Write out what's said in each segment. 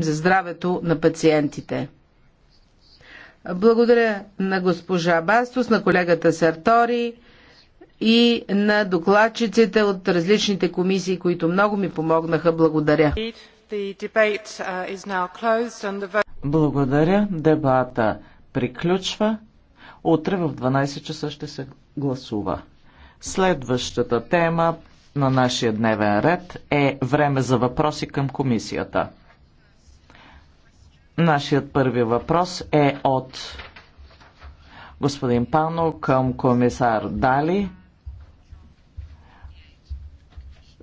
за здравето на пациентите. Благодаря на госпожа Бастус, на колегата Сартори и на докладчиците от различните комисии, които много ми помогнаха. Благодаря. Благодаря. Дебата приключва. Утре в 12 часа ще се гласува. Следващата тема на нашия дневен ред е време за въпроси към комисията. Нашият първи въпрос е от господин Пано към комисар Дали.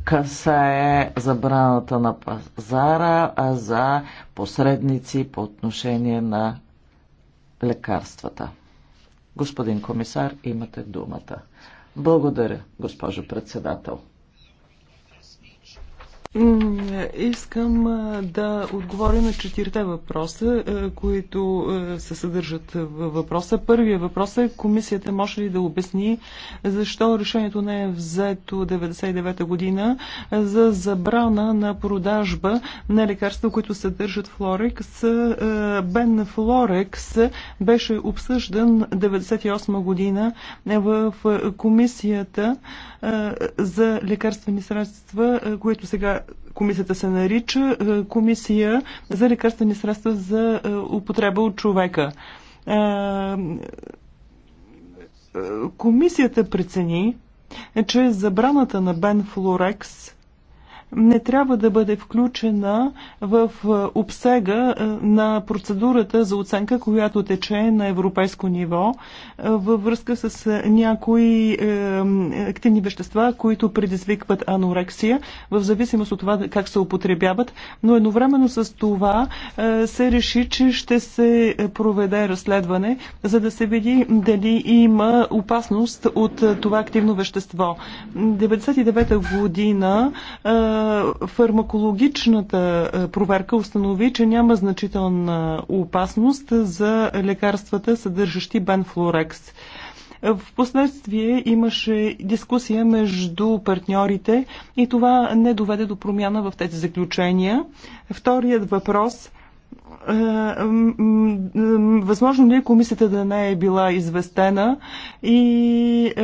Касае забраната на пазара а за посредници по отношение на лекарствата. Господин комисар, имате думата. Благодаря, госпожо председател. Искам да отговоря на четирите въпроса, които се съдържат в въпроса. Първият въпрос е комисията може ли да обясни защо решението не е взето та година за забрана на продажба на лекарства, които съдържат флорекс. Бен Флорекс беше обсъждан 1998 година в комисията за лекарствени средства, които сега комисията се нарича е, Комисия за лекарствени средства за е, употреба от човека. Е, комисията прецени, че забраната на Бен Флорекс не трябва да бъде включена в е, обсега е, на процедурата за оценка, която тече на европейско ниво е, във връзка с някои активни вещества, които предизвикват анорексия, в зависимост от това как се употребяват. Но едновременно с това се реши, че ще се проведе разследване, за да се види дали има опасност от това активно вещество. 99-та година фармакологичната е, проверка установи, че няма значителна опасност за лекарствата, съдържащи бенфлорекс. В последствие имаше дискусия между партньорите и това не доведе до промяна в тези заключения. Вторият въпрос – е, възможно ли е комисията да не е била известена и е,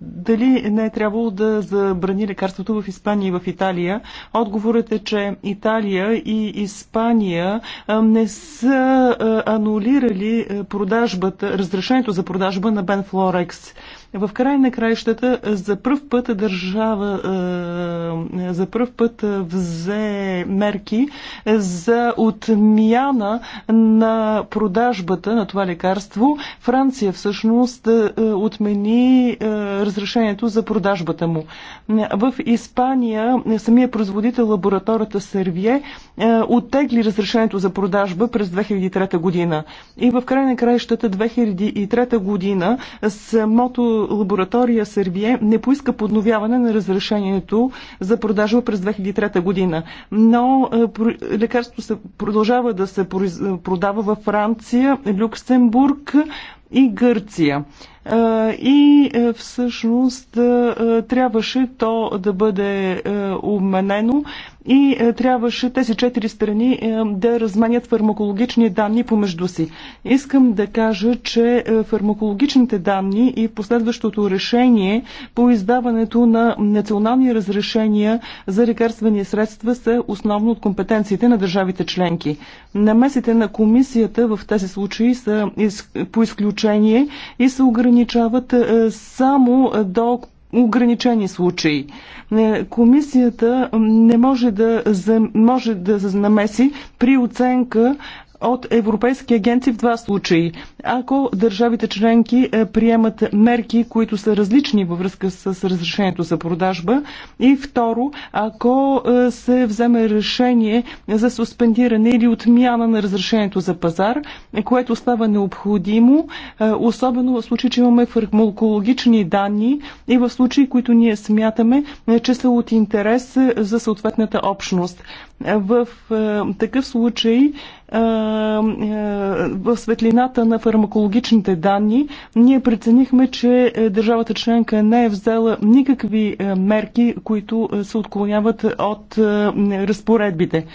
дали не е трябвало да забрани лекарството в Испания и в Италия? Отговорът е, че Италия и Испания е, не са е, анулирали продажбата, разрешението за продажба на Бенфлорекс. В край на краищата е, за първ път държава е, е, за първ път взе мерки за отмяна на продажбата на това лекарство. Франция всъщност отмени разрешението за продажбата му. В Испания самия производител лабораторията Сервие оттегли разрешението за продажба през 2003 година. И в край на краищата 2003 година самото лаборатория Сербие не поиска подновяване на разрешението за продажба през 2003 година. Но е, лекарството се продължава да се е, продава във Франция, Люксембург и Гърция и е, всъщност е, трябваше то да бъде е, обменено и трябваше тези четири страни да разменят фармакологични данни помежду си. Искам да кажа, че фармакологичните данни и последващото решение по издаването на национални разрешения за лекарствени средства са основно от компетенциите на държавите членки. Намесите на комисията в тези случаи са по изключение и са ограничени ограничават е, само до ограничени случаи. Е, комисията не може да, може да се намеси при оценка от европейски агенции в два случаи. Ако държавите членки е, приемат мерки, които са различни във връзка с разрешението за продажба и второ, ако е, се вземе решение за суспендиране или отмяна на разрешението за пазар, което става необходимо, е, особено в случай, че имаме фармакологични данни и в случаи, които ние смятаме, че са от интерес за съответната общност. В такъв случай в светлината на фармакологичните данни, ние преценихме, че е, държавата членка не е взела никакви е, мерки, които е, се отклоняват от разпоредбите.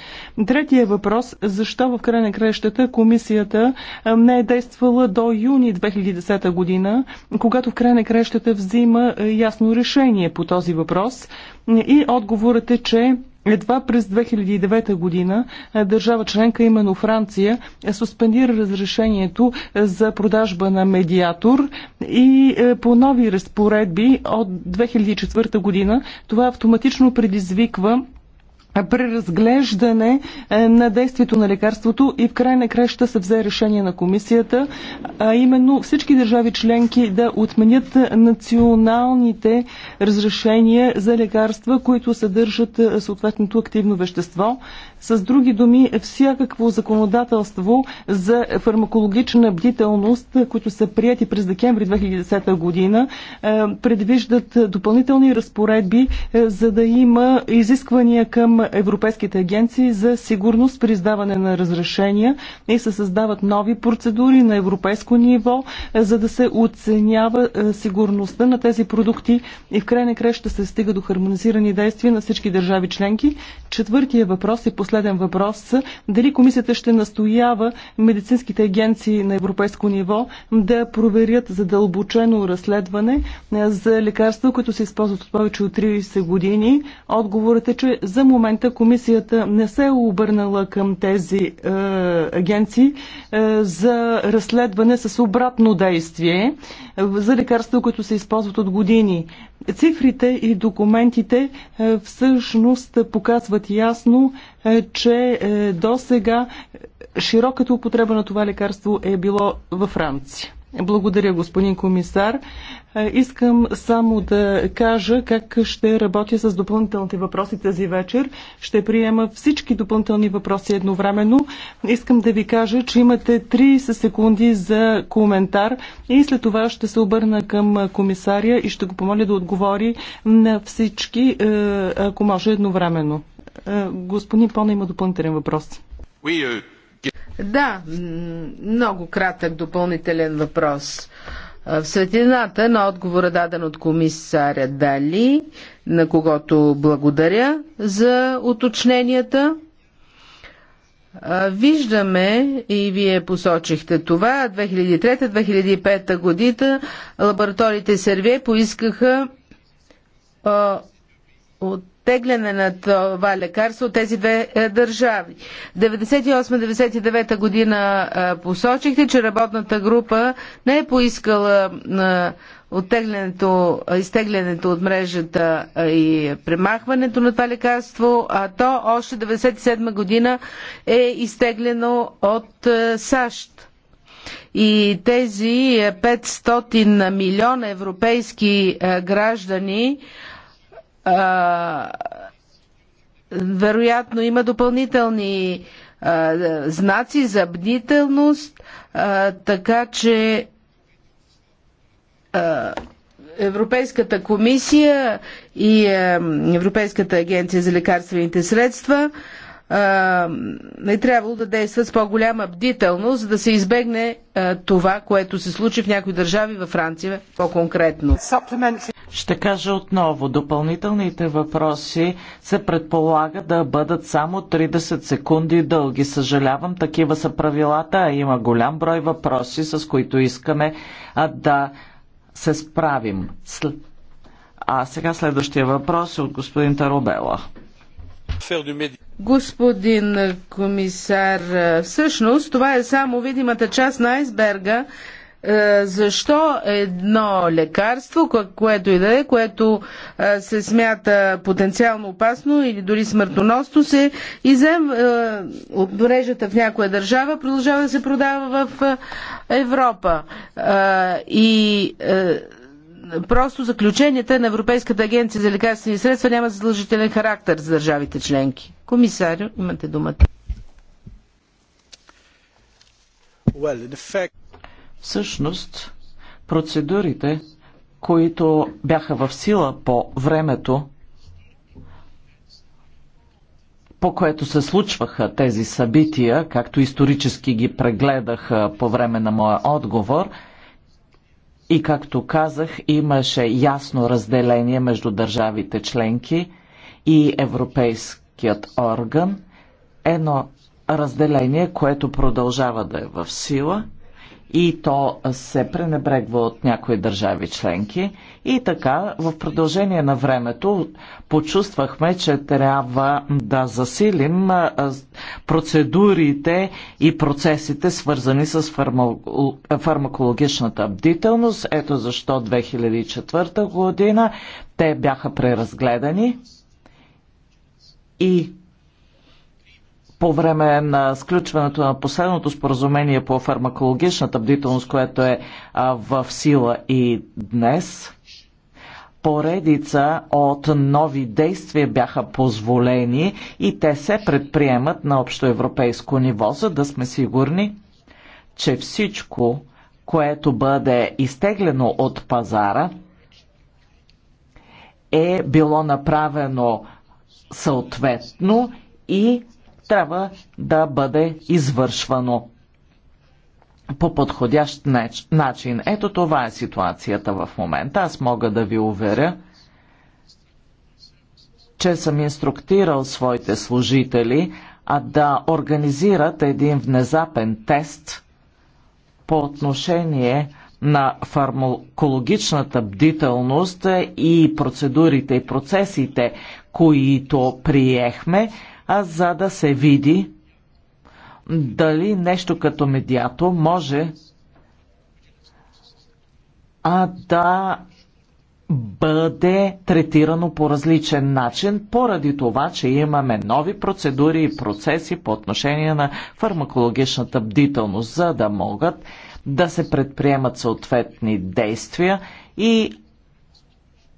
Третия въпрос, защо в край на краищата комисията не е действала до юни 2010 година, когато в край на краищата взима ясно решение по този въпрос. И отговорът е, че едва през 2009 година е, държава членка, именно Франция, е, суспендира разрешението е, за продажба на медиатор и по нови разпоредби от 2004 година това автоматично предизвиква преразглеждане е, на действието на лекарството и в край на краща се взе решение на комисията, а именно всички държави членки да отменят националните разрешения за лекарства, които съдържат е, съответното активно вещество. С други думи, всякакво законодателство за фармакологична бдителност, които са прияти през декември 2010 година, е, предвиждат допълнителни разпоредби, е, за да има изисквания към европейските агенции за сигурност при издаване на разрешения и се създават нови процедури на европейско ниво, е, за да се оценява сигурността на тези продукти и в край на края ще се стига до хармонизирани действия на всички държави членки. Четвъртия въпрос е последния последен въпрос. Дали комисията ще настоява медицинските агенции на европейско ниво да проверят задълбочено разследване е, за лекарства, които се използват от повече от 30 години? Отговорът е, че за момента комисията не се е обърнала към тези е, агенции е, за разследване с обратно действие за лекарства, които се използват от години. Цифрите и документите е, всъщност показват ясно, е, е, че е, до сега широката употреба на това лекарство е било във Франция. Благодаря, господин комисар. Е, искам само да кажа как ще работя с допълнителните въпроси тази вечер. Ще приема всички допълнителни въпроси едновременно. Искам да ви кажа, че имате 30 секунди за коментар и след това ще се обърна към комисаря и ще го помоля да отговори на всички, ако може едновременно. Е, господин Пона има допълнителен въпрос. Е, да, много кратък допълнителен въпрос. Е, в светлината на отговора даден от комисаря Дали, на когото благодаря за уточненията, Виждаме, и вие посочихте това, 2003-2005 година лабораториите Сервие поискаха от теглене на това лекарство от тези две е, държави. 98-99 година е, посочихте, че работната група не е поискала е, оттеглянето, изтеглянето от мрежата и премахването на това лекарство, а то още 1997 година е изтеглено от САЩ. И тези 500 милиона европейски граждани а, вероятно има допълнителни а, знаци за бдителност, а, така че а, Европейската комисия и а, Европейската агенция за лекарствените средства а, е трябвало да действат с по-голяма бдителност, за да се избегне а, това, което се случи в някои държави, във Франция по-конкретно. Ще кажа отново, допълнителните въпроси се предполага да бъдат само 30 секунди дълги. Съжалявам, такива са правилата, а има голям брой въпроси, с които искаме да се справим. А сега следващия въпрос е от господин Таробела. Господин комисар, всъщност това е само видимата част на айсберга е, защо едно лекарство, което и да е, което е, се смята потенциално опасно или дори смъртоносно, се изем е, от мрежата в някоя държава, продължава да се продава в Европа. И просто заключенията на Европейската агенция за лекарствени средства няма задължителен характер за държавите членки. Комисарю, имате думата. Well, in effect... Всъщност, процедурите, които бяха в сила по времето, по което се случваха тези събития, както исторически ги прегледах по време на моя отговор, и както казах, имаше ясно разделение между държавите членки и Европейският орган. Едно разделение, което продължава да е в сила – и то се пренебрегва от някои държави членки. И така, в продължение на времето почувствахме, че трябва да засилим процедурите и процесите, свързани с фармакологичната бдителност. Ето защо 2004 година те бяха преразгледани и по време на сключването на последното споразумение по фармакологичната бдителност, което е в сила и днес, поредица от нови действия бяха позволени и те се предприемат на общоевропейско ниво, за да сме сигурни, че всичко, което бъде изтеглено от пазара, е било направено съответно и трябва да бъде извършвано по подходящ начин. Ето това е ситуацията в момента. Аз мога да ви уверя, че съм инструктирал своите служители а да организират един внезапен тест по отношение на фармакологичната бдителност и процедурите и процесите, които приехме а за да се види дали нещо като медиато може а да бъде третирано по различен начин, поради това, че имаме нови процедури и процеси по отношение на фармакологичната бдителност, за да могат да се предприемат съответни действия и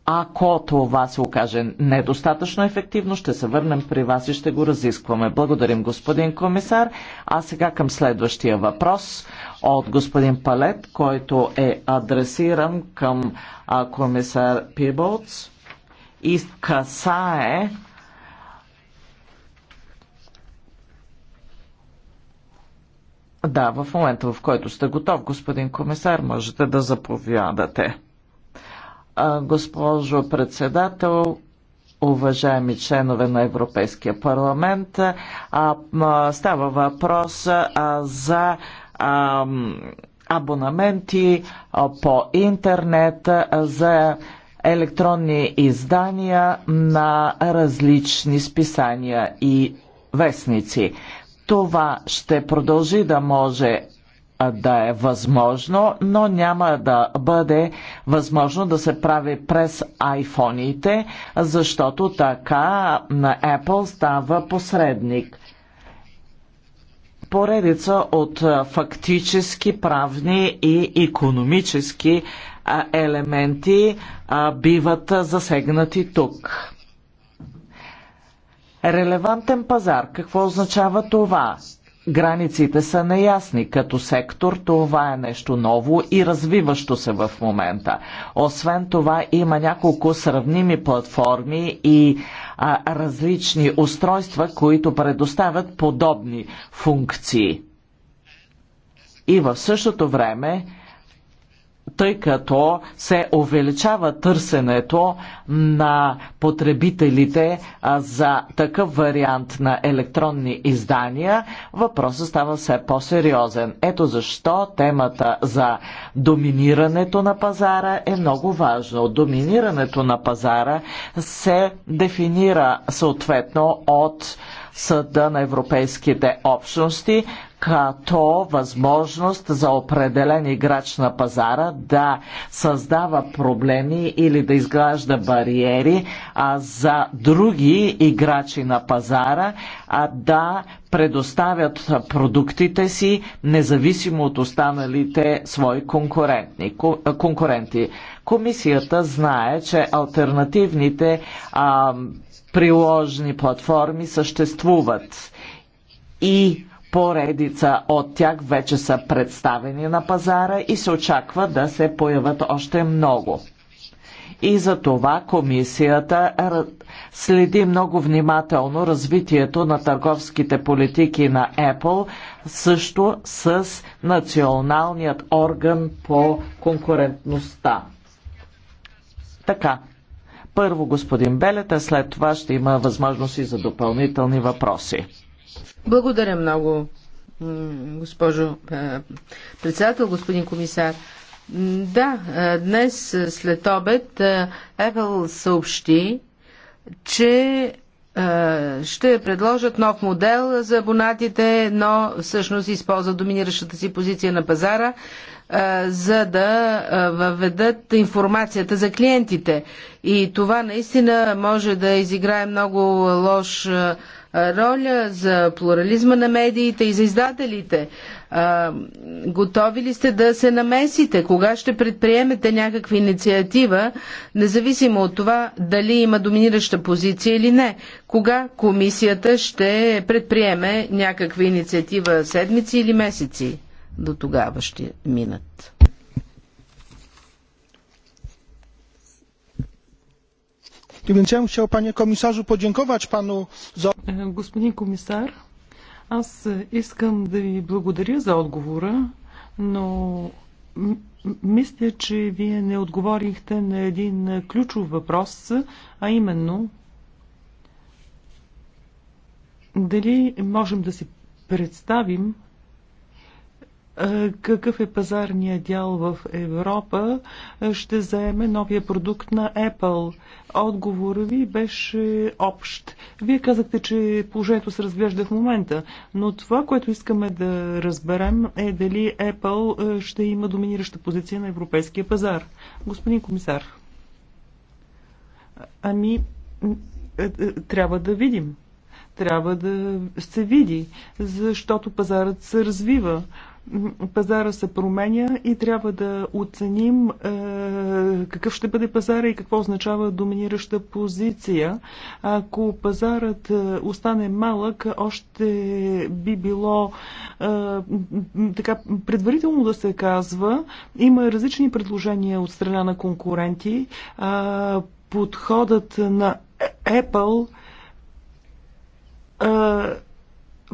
ако това се окаже недостатъчно ефективно, ще се върнем при вас и ще го разискваме. Благодарим, господин комисар. А сега към следващия въпрос от господин Палет, който е адресиран към комисар Пиболц и касае Да, в момента, в който сте готов, господин комисар, можете да заповядате госпожо председател, уважаеми членове на Европейския парламент. Става въпрос за абонаменти по интернет за електронни издания на различни списания и вестници. Това ще продължи да може да е възможно, но няма да бъде възможно да се прави през айфоните, защото така на Apple става посредник. Поредица от фактически, правни и економически елементи биват засегнати тук. Релевантен пазар. Какво означава това? границите са неясни. Като сектор това е нещо ново и развиващо се в момента. Освен това има няколко сравними платформи и а, различни устройства, които предоставят подобни функции. И в същото време тъй като се увеличава търсенето на потребителите за такъв вариант на електронни издания, въпросът става все по-сериозен. Ето защо темата за доминирането на пазара е много важно. Доминирането на пазара се дефинира съответно от Съда на Европейските общности като възможност за определен играч на пазара да създава проблеми или да изгражда бариери, а за други играчи на пазара а да предоставят продуктите си независимо от останалите свои конкуренти. Комисията знае, че альтернативните а, приложни платформи съществуват и Поредица от тях вече са представени на пазара и се очаква да се появят още много. И за това комисията следи много внимателно развитието на търговските политики на Apple, също с националният орган по конкурентността. Така, първо господин Белета, след това ще има възможности за допълнителни въпроси. Благодаря много, госпожо е, председател, господин комисар. Да, е, днес е, след обед Apple съобщи, че ще предложат нов модел за абонатите, но всъщност използва доминиращата си позиция на пазара, за да въведат информацията за клиентите. И това наистина може да изиграе много лош роля за плурализма на медиите и за издателите. Готови ли сте да се намесите? Кога ще предприемете някаква инициатива, независимо от това дали има доминираща позиция или не? Кога комисията ще предприеме някаква инициатива седмици или месеци? До тогава ще минат. chciał, panie komisarzu, podziękować panu za... E, Господин комисар, аз искам да ви благодаря за отговора, но мисля, че вие не отговорихте на един ключов въпрос, а именно дали можем да си представим какъв е пазарния дял в Европа, ще заеме новия продукт на Apple. Отговора ви беше общ. Вие казахте, че положението се разглежда в момента, но това, което искаме да разберем е дали Apple ще има доминираща позиция на европейския пазар. Господин комисар, ами е, е, трябва да видим. Трябва да се види, защото пазарът се развива пазара се променя и трябва да оценим е, какъв ще бъде пазара и какво означава доминираща позиция. Ако пазарът е, остане малък, още би било е, така предварително да се казва. Има различни предложения от страна на конкуренти. Е, подходът на Apple е,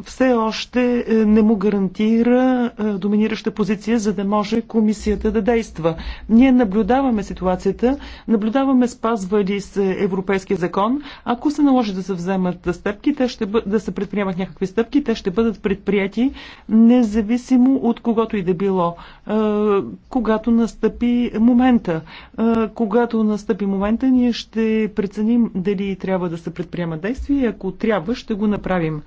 все още е, не му гарантира е, доминираща позиция, за да може комисията да действа. Ние наблюдаваме ситуацията, наблюдаваме спазва ли се европейския закон. Ако се наложи да се вземат стъпки, те ще бъ... да се предприемат някакви стъпки, те ще бъдат предприяти независимо от когото и да било. Е, когато настъпи момента, когато настъпи момента, ние ще преценим дали трябва да се предприемат действия и ако трябва, ще го направим.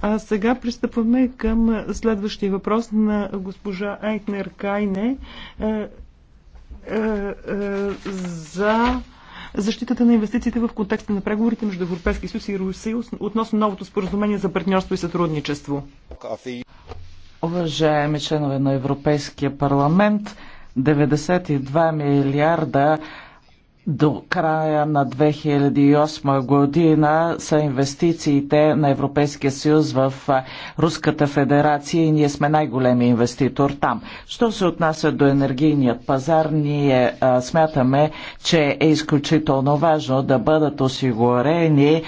А сега пристъпваме към следващия въпрос на госпожа Айтнер Кайне е, е, е, за защитата на инвестициите в контекста на преговорите между Европейския съюз и Русия относно новото споразумение за партньорство и сътрудничество. Уважаеми членове на Европейския парламент, 92 милиарда до края на 2008 година са инвестициите на Европейския съюз в Руската федерация и ние сме най-големи инвеститор там. Що се отнася до енергийният пазар, ние а, смятаме, че е изключително важно да бъдат осигурени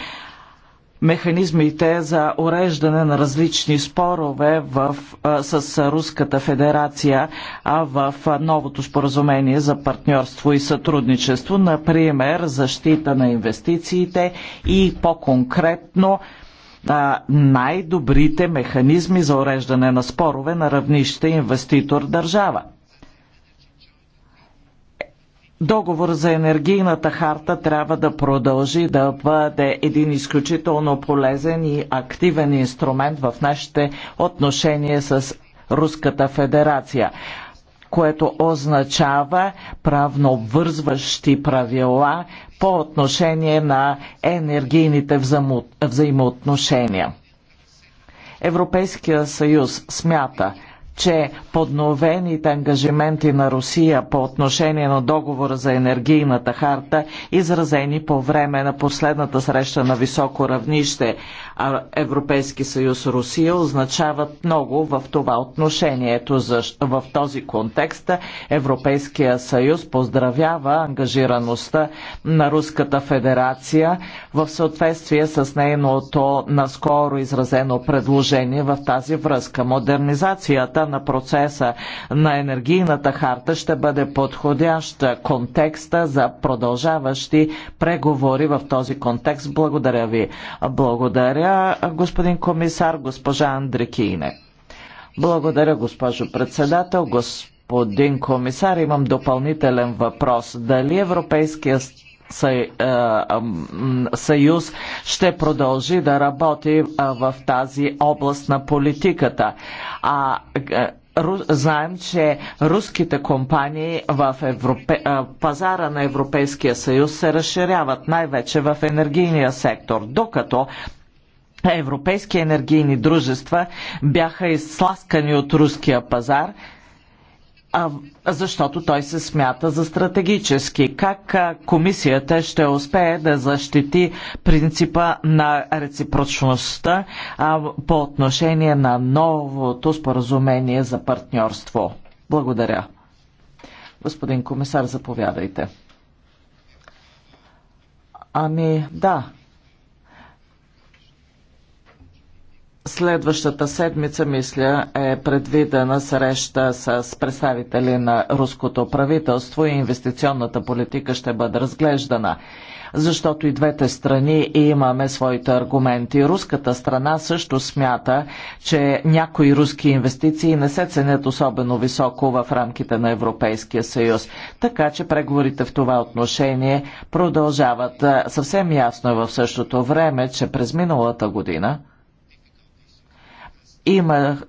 механизмите за уреждане на различни спорове в, с Руската федерация а в новото споразумение за партньорство и сътрудничество, например защита на инвестициите и по-конкретно най-добрите механизми за уреждане на спорове на равнище инвеститор-държава. Договор за енергийната харта трябва да продължи да бъде един изключително полезен и активен инструмент в нашите отношения с Руската федерация, което означава правно вързващи правила по отношение на енергийните взаимоотношения. Европейския съюз смята, че подновените ангажименти на Русия по отношение на договора за енергийната харта, изразени по време на последната среща на високо равнище Европейски съюз Русия, означават много в това Ето В този контекст Европейския съюз поздравява ангажираността на Руската федерация в съответствие с нейното наскоро изразено предложение в тази връзка. Модернизацията на процеса на енергийната харта ще бъде подходящ контекста за продължаващи преговори в този контекст. Благодаря ви. Благодаря, господин комисар, госпожа Андрекине. Благодаря, госпожо председател, господин комисар. Имам допълнителен въпрос. Дали Европейския е, съюз ще продължи да работи е, в тази област на политиката. А е, знаем, че руските компании в Европе... пазара на Европейския съюз се разширяват най-вече в енергийния сектор, докато европейски енергийни дружества бяха изсласкани от руския пазар – защото той се смята за стратегически. Как комисията ще успее да защити принципа на реципрочността по отношение на новото споразумение за партньорство? Благодаря. Господин комисар, заповядайте. Ами да, Следващата седмица, мисля, е предвидена среща с представители на руското правителство и инвестиционната политика ще бъде разглеждана. Защото и двете страни имаме своите аргументи. Руската страна също смята, че някои руски инвестиции не се ценят особено високо в рамките на Европейския съюз. Така че преговорите в това отношение продължават. Съвсем ясно е в същото време, че през миналата година имах,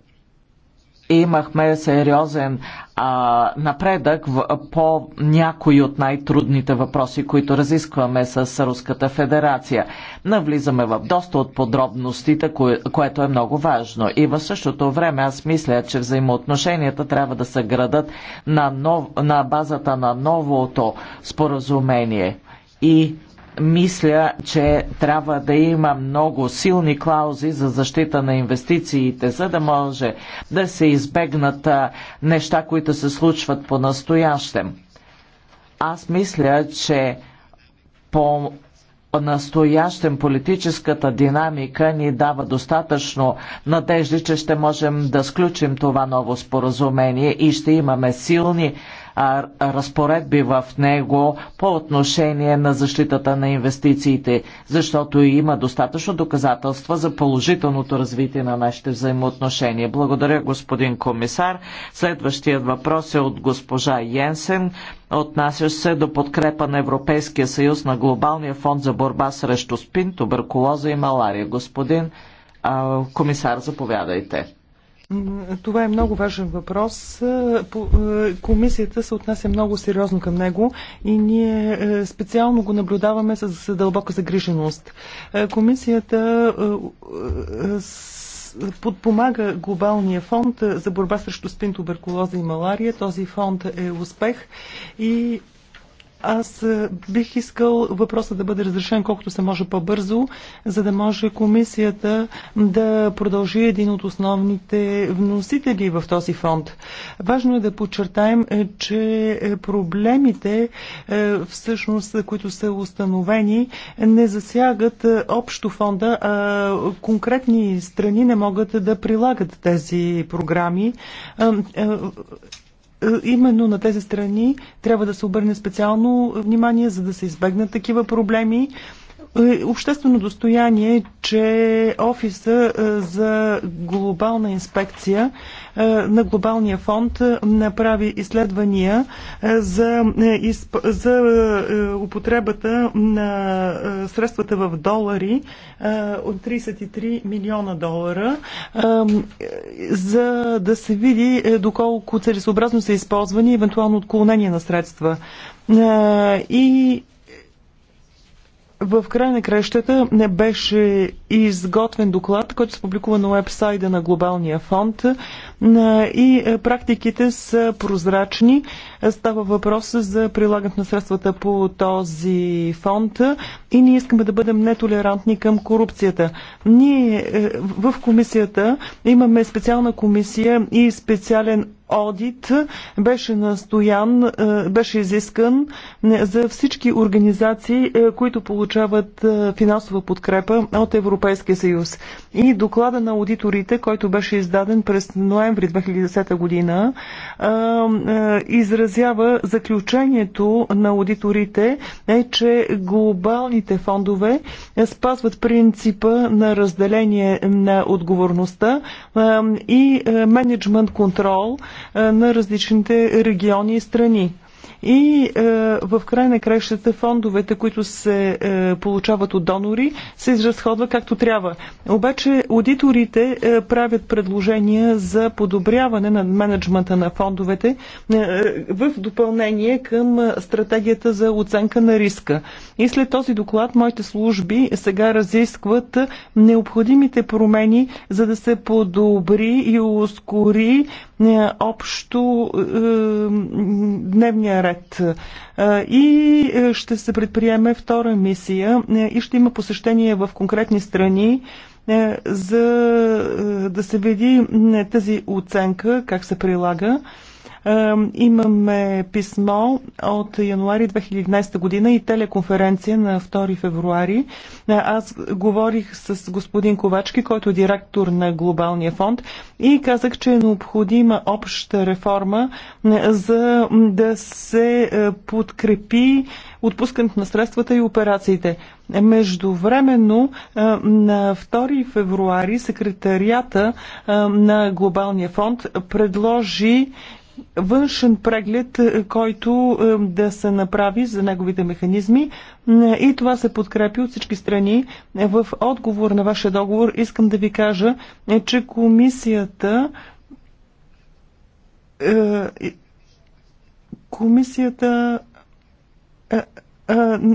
имахме сериозен а, напредък в, по някои от най-трудните въпроси, които разискваме с Руската федерация. Навлизаме в доста от подробностите, кое, което е много важно. И в същото време аз мисля, че взаимоотношенията трябва да се градат на, нов, на базата на новото споразумение. И мисля, че трябва да има много силни клаузи за защита на инвестициите, за да може да се избегнат неща, които се случват по-настоящем. Аз мисля, че по настоящем политическата динамика ни дава достатъчно надежди, че ще можем да сключим това ново споразумение и ще имаме силни разпоредби в него по отношение на защитата на инвестициите, защото има достатъчно доказателства за положителното развитие на нашите взаимоотношения. Благодаря, господин комисар. Следващият въпрос е от госпожа Йенсен, отнасящ се до подкрепа на Европейския съюз на Глобалния фонд за борба срещу спин, туберкулоза и малария. Господин а, комисар, заповядайте. Това е много важен въпрос. Е, е, комисията се отнася много сериозно към него и ние е, специално го наблюдаваме с дълбока загриженост. Комисията подпомага глобалния фонд за борба срещу спин, туберкулоза и малария. Този фонд е успех и аз е, бих искал въпроса да бъде разрешен колкото се може по-бързо, за да може комисията да продължи един от основните вносители в този фонд. Важно е да подчертаем, е, че е, проблемите, всъщност, които са установени, не засягат общо фонда, а конкретни страни не могат да прилагат тези програми. Е, именно на тези страни трябва да се обърне специално внимание, за да се избегнат такива проблеми. Е обществено достояние, че офиса е, за глобална инспекция е, на Глобалния фонд направи изследвания за, за употребата на средствата в долари от 33 милиона долара, за да се види доколко целесообразно са използвани евентуално отклонение на средства. И в край на кращата не беше изготвен доклад, който се публикува на уебсайда на Глобалния фонд и е, практиките са прозрачни. Става въпрос за прилагането на средствата по този фонд и ние искаме да бъдем нетолерантни към корупцията. Ние е, в комисията имаме специална комисия и специален одит беше настоян, е, беше изискан за всички организации, които получават финансова подкрепа от Европейския съюз. И доклада на аудиторите, който беше издаден през ноември ноември 2010 година изразява заключението на аудиторите е, че глобалните фондове е, спазват принципа на разделение на отговорността и е, менеджмент контрол е, на различните региони и страни и е, в край на краищата фондовете, които се е, получават от донори, се изразходва както трябва. Обаче аудиторите е, правят предложения за подобряване на менеджмента на фондовете е, в допълнение към е, стратегията за оценка на риска. И след този доклад моите служби сега разискват необходимите промени, за да се подобри и ускори е, общо е, дневния напред. Е, и е, ще се предприеме втора мисия е, и ще има посещение в конкретни страни, за да се види тази оценка, как се прилага. Имаме писмо от януари 2011 година и телеконференция на 2 февруари. Аз говорих с господин Ковачки, който е директор на Глобалния фонд и казах, че е необходима обща реформа за да се е, подкрепи отпускането на средствата и операциите. Междувременно е, на 2 февруари секретарията е, на Глобалния фонд предложи външен преглед, е, който е, да се направи за неговите механизми е, и това се подкрепи от всички страни. В отговор на вашия договор искам да ви кажа, че комисията комисията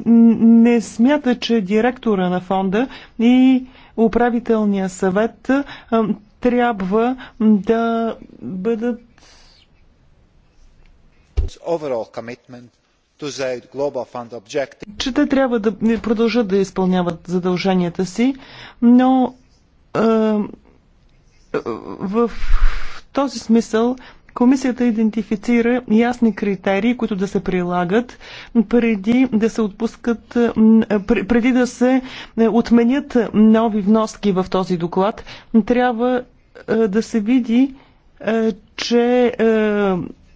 не смята, че директора на фонда и управителния съвет трябва да бъдат че те трябва да продължат да изпълняват задълженията си, но е, в този смисъл Комисията идентифицира ясни критерии, които да се прилагат преди да се отпускат, преди да се отменят нови вноски в този доклад. Трябва е, да се види, е, че е,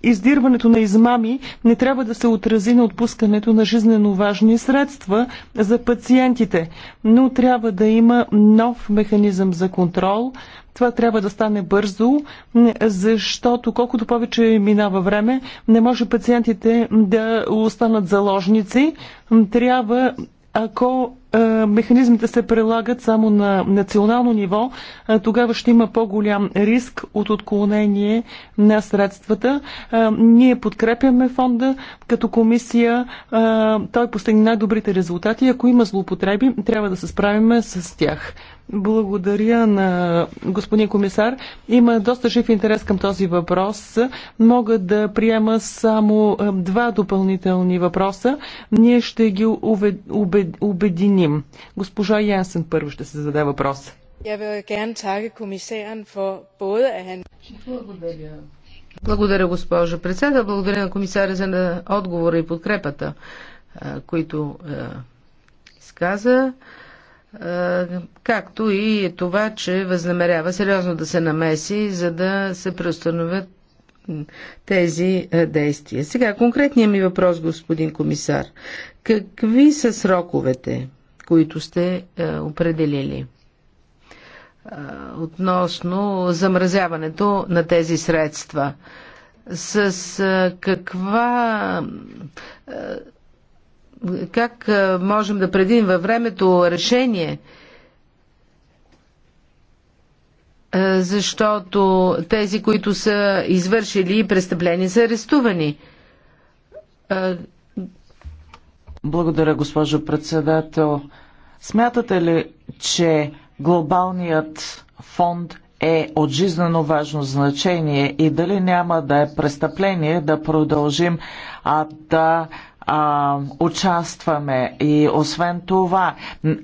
издирването на измами не трябва да се отрази на отпускането на жизненно важни средства за пациентите, но трябва да има нов механизъм за контрол. Това трябва да стане бързо, защото колкото повече минава време, не може пациентите да останат заложници. Трябва, ако механизмите се прилагат само на национално ниво, тогава ще има по-голям риск от отклонение на средствата. Ние подкрепяме фонда като комисия. Той постигне най-добрите резултати. Ако има злоупотреби, трябва да се справим с тях. Благодаря на господин комисар. Има доста жив интерес към този въпрос. Мога да приема само два допълнителни въпроса. Ние ще ги обединим променим. Госпожа Янсен първо ще се зададе въпрос. Благодаря. Благодаря, госпожо председател. Благодаря на комисаря за отговора и подкрепата, които изказа както и това, че възнамерява сериозно да се намеси, за да се преустановят тези действия. Сега конкретният ми въпрос, господин комисар. Какви са сроковете? които сте е, определили. Е, относно замразяването на тези средства. С е, каква как можем да предим във времето решение, защото тези, които са извършили престъпления, са арестувани. Благодаря, госпожо председател. Смятате ли, че глобалният фонд е от жизнено важно значение и дали няма да е престъпление да продължим а, да а, участваме и освен това,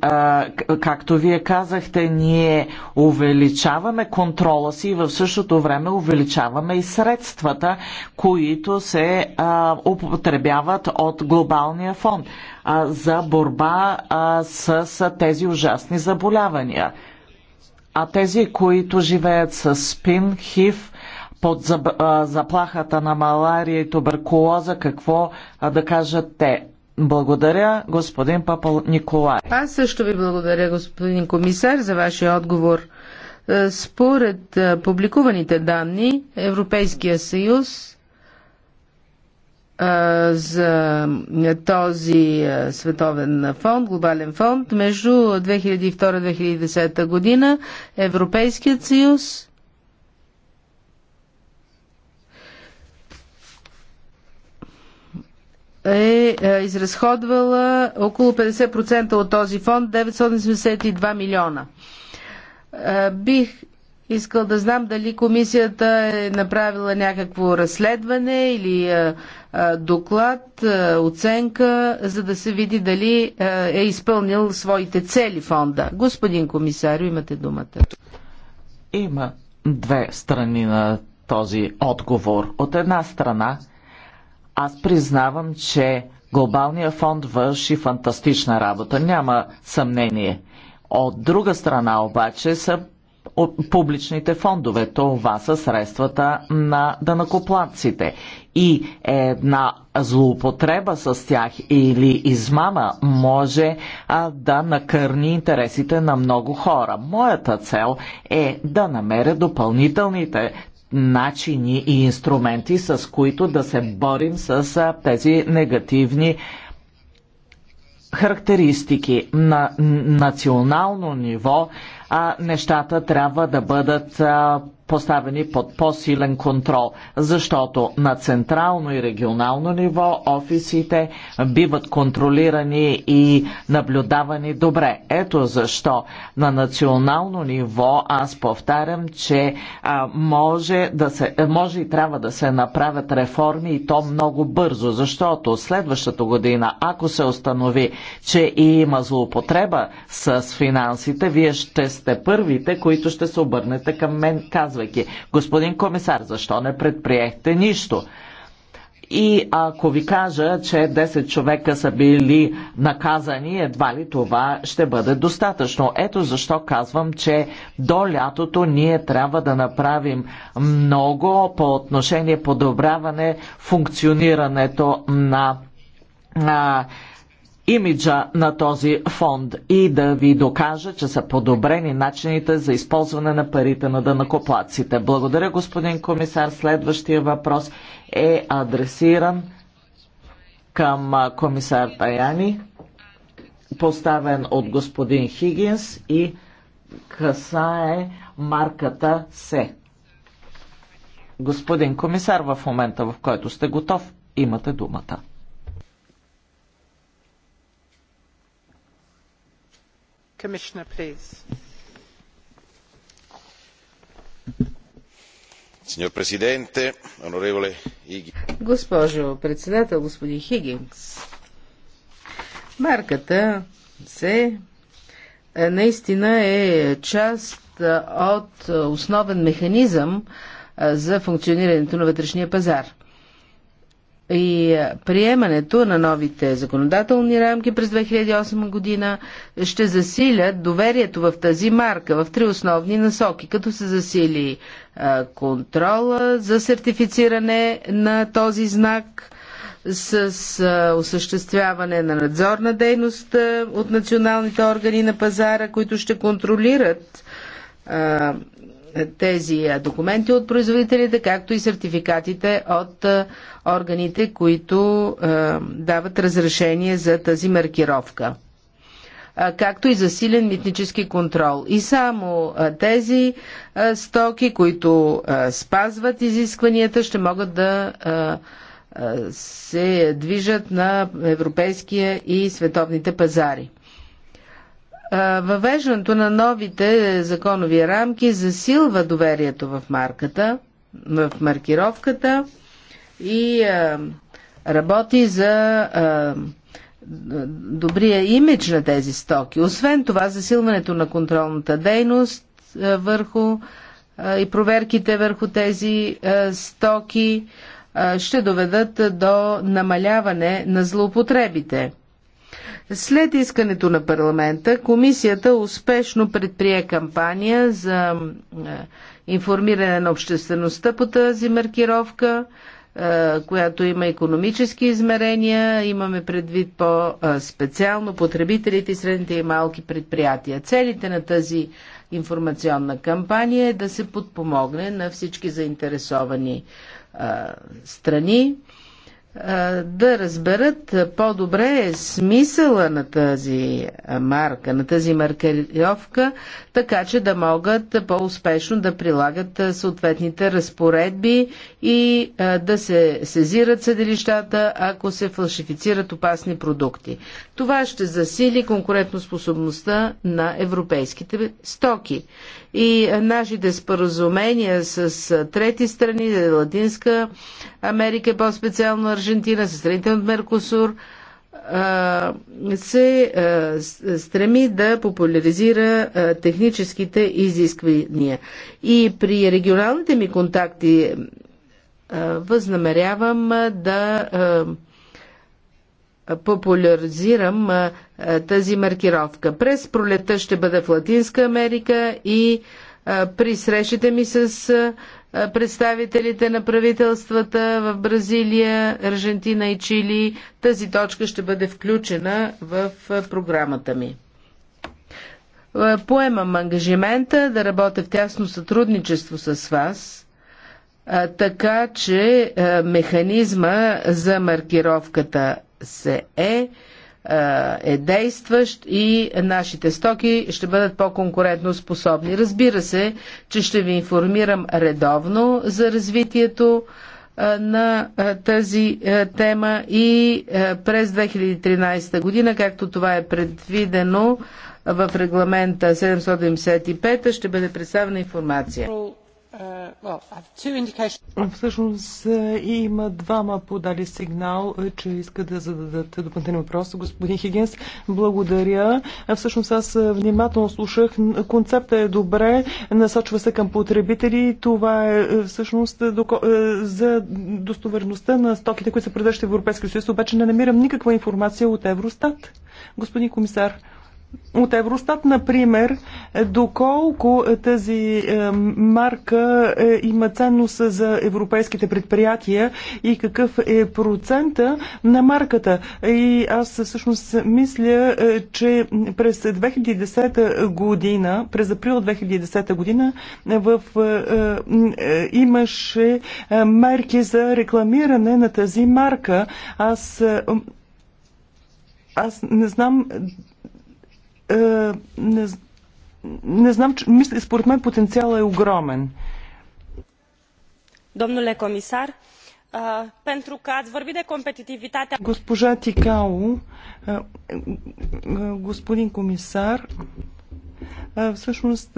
а, както вие казахте, ние увеличаваме контрола си и в същото време увеличаваме и средствата, които се а, употребяват от глобалния фонд а, за борба а, с, с тези ужасни заболявания. А тези, които живеят с спин, хив, под заплахата на малария и туберкулоза, какво да кажат те. Благодаря, господин Папа Николай. Аз също ви благодаря, господин комисар, за вашия отговор. Е, според е, публикуваните данни, Европейския съюз е, за този световен фонд, глобален фонд, между 2002-2010 година Европейският съюз Е, е изразходвала около 50% от този фонд 982 милиона. Е, бих искал да знам дали комисията е направила някакво разследване или е, доклад, оценка, за да се види дали е изпълнил своите цели фонда. Господин комисар, имате думата. Има две страни на този отговор. От една страна аз признавам, че Глобалният фонд върши фантастична работа, няма съмнение. От друга страна обаче са публичните фондове. Това са средствата на данакоплатците. И една злоупотреба с тях или измама може а, да накърни интересите на много хора. Моята цел е да намеря допълнителните начини и инструменти, с които да се борим с тези негативни характеристики. На национално ниво а, нещата трябва да бъдат а, поставени под по-силен контрол, защото на централно и регионално ниво офисите биват контролирани и наблюдавани добре. Ето защо на национално ниво аз повтарям, че а, може, да се, може и трябва да се направят реформи и то много бързо, защото следващата година, ако се установи, че и има злоупотреба с финансите, вие ще сте първите, които ще се обърнете към мен, казва казвайки, Господин комисар, защо не предприехте нищо? И ако ви кажа, че 10 човека са били наказани, едва ли това ще бъде достатъчно. Ето защо казвам, че до лятото ние трябва да направим много по отношение подобряване функционирането на, на имиджа на този фонд и да ви докажа, че са подобрени начините за използване на парите на дънакоплаците. Благодаря, господин комисар. Следващия въпрос е адресиран към комисар Таяни, поставен от господин Хигинс и касае марката СЕ. Господин комисар, в момента в който сте готов, имате думата. Госпожо председател, господин Хигинс, марката се е, наистина е част е, от е, основен механизъм за функционирането на вътрешния пазар. И приемането на новите законодателни рамки през 2008 година ще засилят доверието в тази марка в три основни насоки, като се засили контрола за сертифициране на този знак с осъществяване на надзорна дейност от националните органи на пазара, които ще контролират тези документи от производителите, както и сертификатите от органите, които дават разрешение за тази маркировка както и засилен митнически контрол. И само тези стоки, които спазват изискванията, ще могат да се движат на европейския и световните пазари. Въвеждането на новите законови рамки засилва доверието в марката, в маркировката и работи за добрия имидж на тези стоки. Освен това, засилването на контролната дейност върху и проверките върху тези стоки ще доведат до намаляване на злоупотребите. След искането на парламента, комисията успешно предприе кампания за е, информиране на обществеността по тази маркировка, е, която има економически измерения, имаме предвид по-специално потребителите, средните и малки предприятия. Целите на тази информационна кампания е да се подпомогне на всички заинтересовани е, страни да разберат по-добре смисъла на тази марка, на тази маркировка, така че да могат по-успешно да прилагат съответните разпоредби и да се сезират съдилищата, ако се фалшифицират опасни продукти. Това ще засили конкурентоспособността на европейските стоки. И нашите споразумения с трети страни, Латинска Америка, е по-специално Аржентина, със страните от Меркосур, се стреми да популяризира техническите изисквания. И при регионалните ми контакти възнамерявам да популяризирам тази маркировка. През пролета ще бъде в Латинска Америка и при срещите ми с е, представителите на правителствата в Бразилия, Аржентина и Чили, тази точка ще бъде включена в е, програмата ми. Е, поемам ангажимента да работя в тясно сътрудничество с вас, така че механизма за маркировката се е е, е действащ и нашите стоки ще бъдат по-конкурентно способни. Разбира се, че ще ви информирам редовно за развитието е, на е, тази тема и през 2013 година, както това е предвидено в регламента 775, ще бъде представена информация. Uh, всъщност е, има двама подали сигнал, е, че искат да зададат допълнителни въпроси. Господин Хигинс, благодаря. Всъщност аз е, внимателно слушах. Концепта е добре, насочва се към потребители. Това е всъщност за достоверността на стоките, които се продават в Европейския съюз, обаче не намирам никаква информация от Евростат. Господин комисар, от Евростат, например, доколко тази е, марка е, има ценност за европейските предприятия и какъв е процента на марката. И аз всъщност мисля, е, че през 2010 година, през април 2010 година в, имаше мерки за рекламиране на тази марка. Аз аз не знам е, не, не знам, че, мисля, според мен потенциалът е огромен. Domnule comisar, pentru că ați vorbit de competitivitatea... Госпожа Тикао, е, е, господин комисар, Всъщност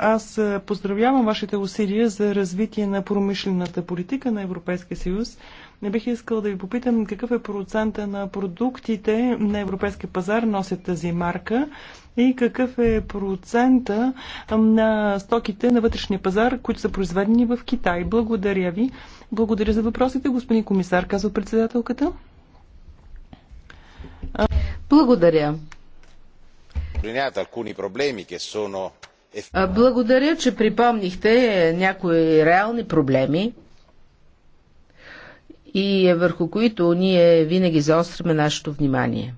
аз поздравявам вашите усилия за развитие на промишлената политика на Европейския съюз. Не бих искал да ви попитам какъв е процента на продуктите на европейския пазар носят тази марка и какъв е процента на стоките на вътрешния пазар, които са произведени в Китай. Благодаря ви. Благодаря за въпросите, господин комисар, казва председателката. Благодаря. Благодаря, че припомнихте някои реални проблеми, и е върху които ние винаги заостряме нашето внимание.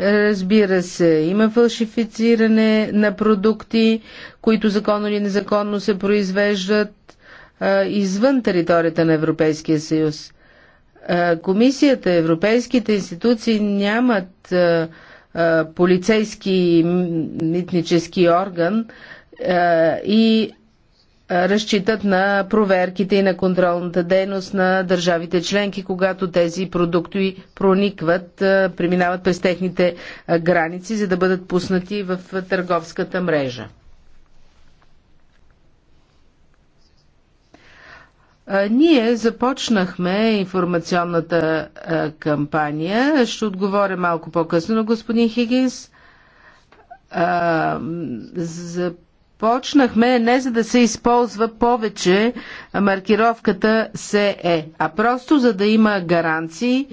Разбира се, има фалшифициране на продукти, които законно или незаконно се произвеждат а, извън територията на Европейския съюз. А, комисията, европейските институции нямат а, полицейски митнически орган и разчитат на проверките и на контролната дейност на държавите членки, когато тези продукти проникват, преминават през техните граници, за да бъдат пуснати в търговската мрежа. Ние започнахме информационната кампания. Ще отговоря малко по-късно на господин Хигинс. За Почнахме, не за да се използва повече маркировката СЕ, е. а просто за да има гаранции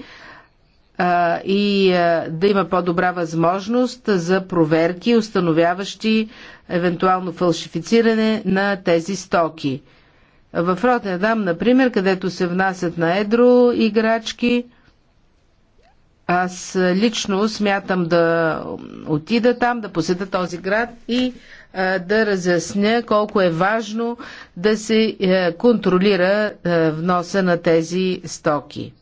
а, и а, да има по-добра възможност за проверки, установяващи евентуално фалшифициране на тези стоки. В Ротендам, например, където се внасят на едро играчки, аз лично смятам да отида там, да посета този град и да разясня колко е важно да се е, контролира е, вноса на тези стоки.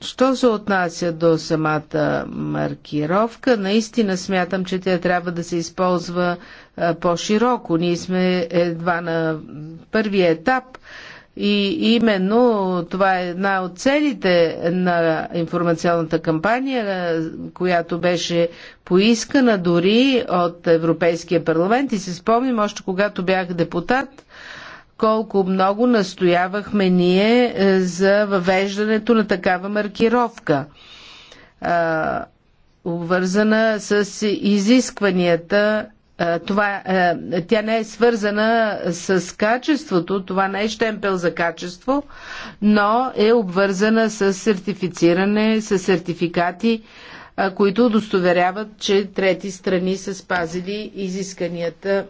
Що се отнася до самата маркировка, наистина смятам, че тя трябва да се използва по-широко. Ние сме едва на първия етап. И именно това е една от целите на информационната кампания, която беше поискана дори от Европейския парламент. И се спомним, още когато бях депутат, колко много настоявахме ние е, за въвеждането на такава маркировка, обвързана с изискванията това, тя не е свързана с качеството, това не е щемпел за качество, но е обвързана с сертифициране, с сертификати, които удостоверяват, че трети страни са спазили изискванията,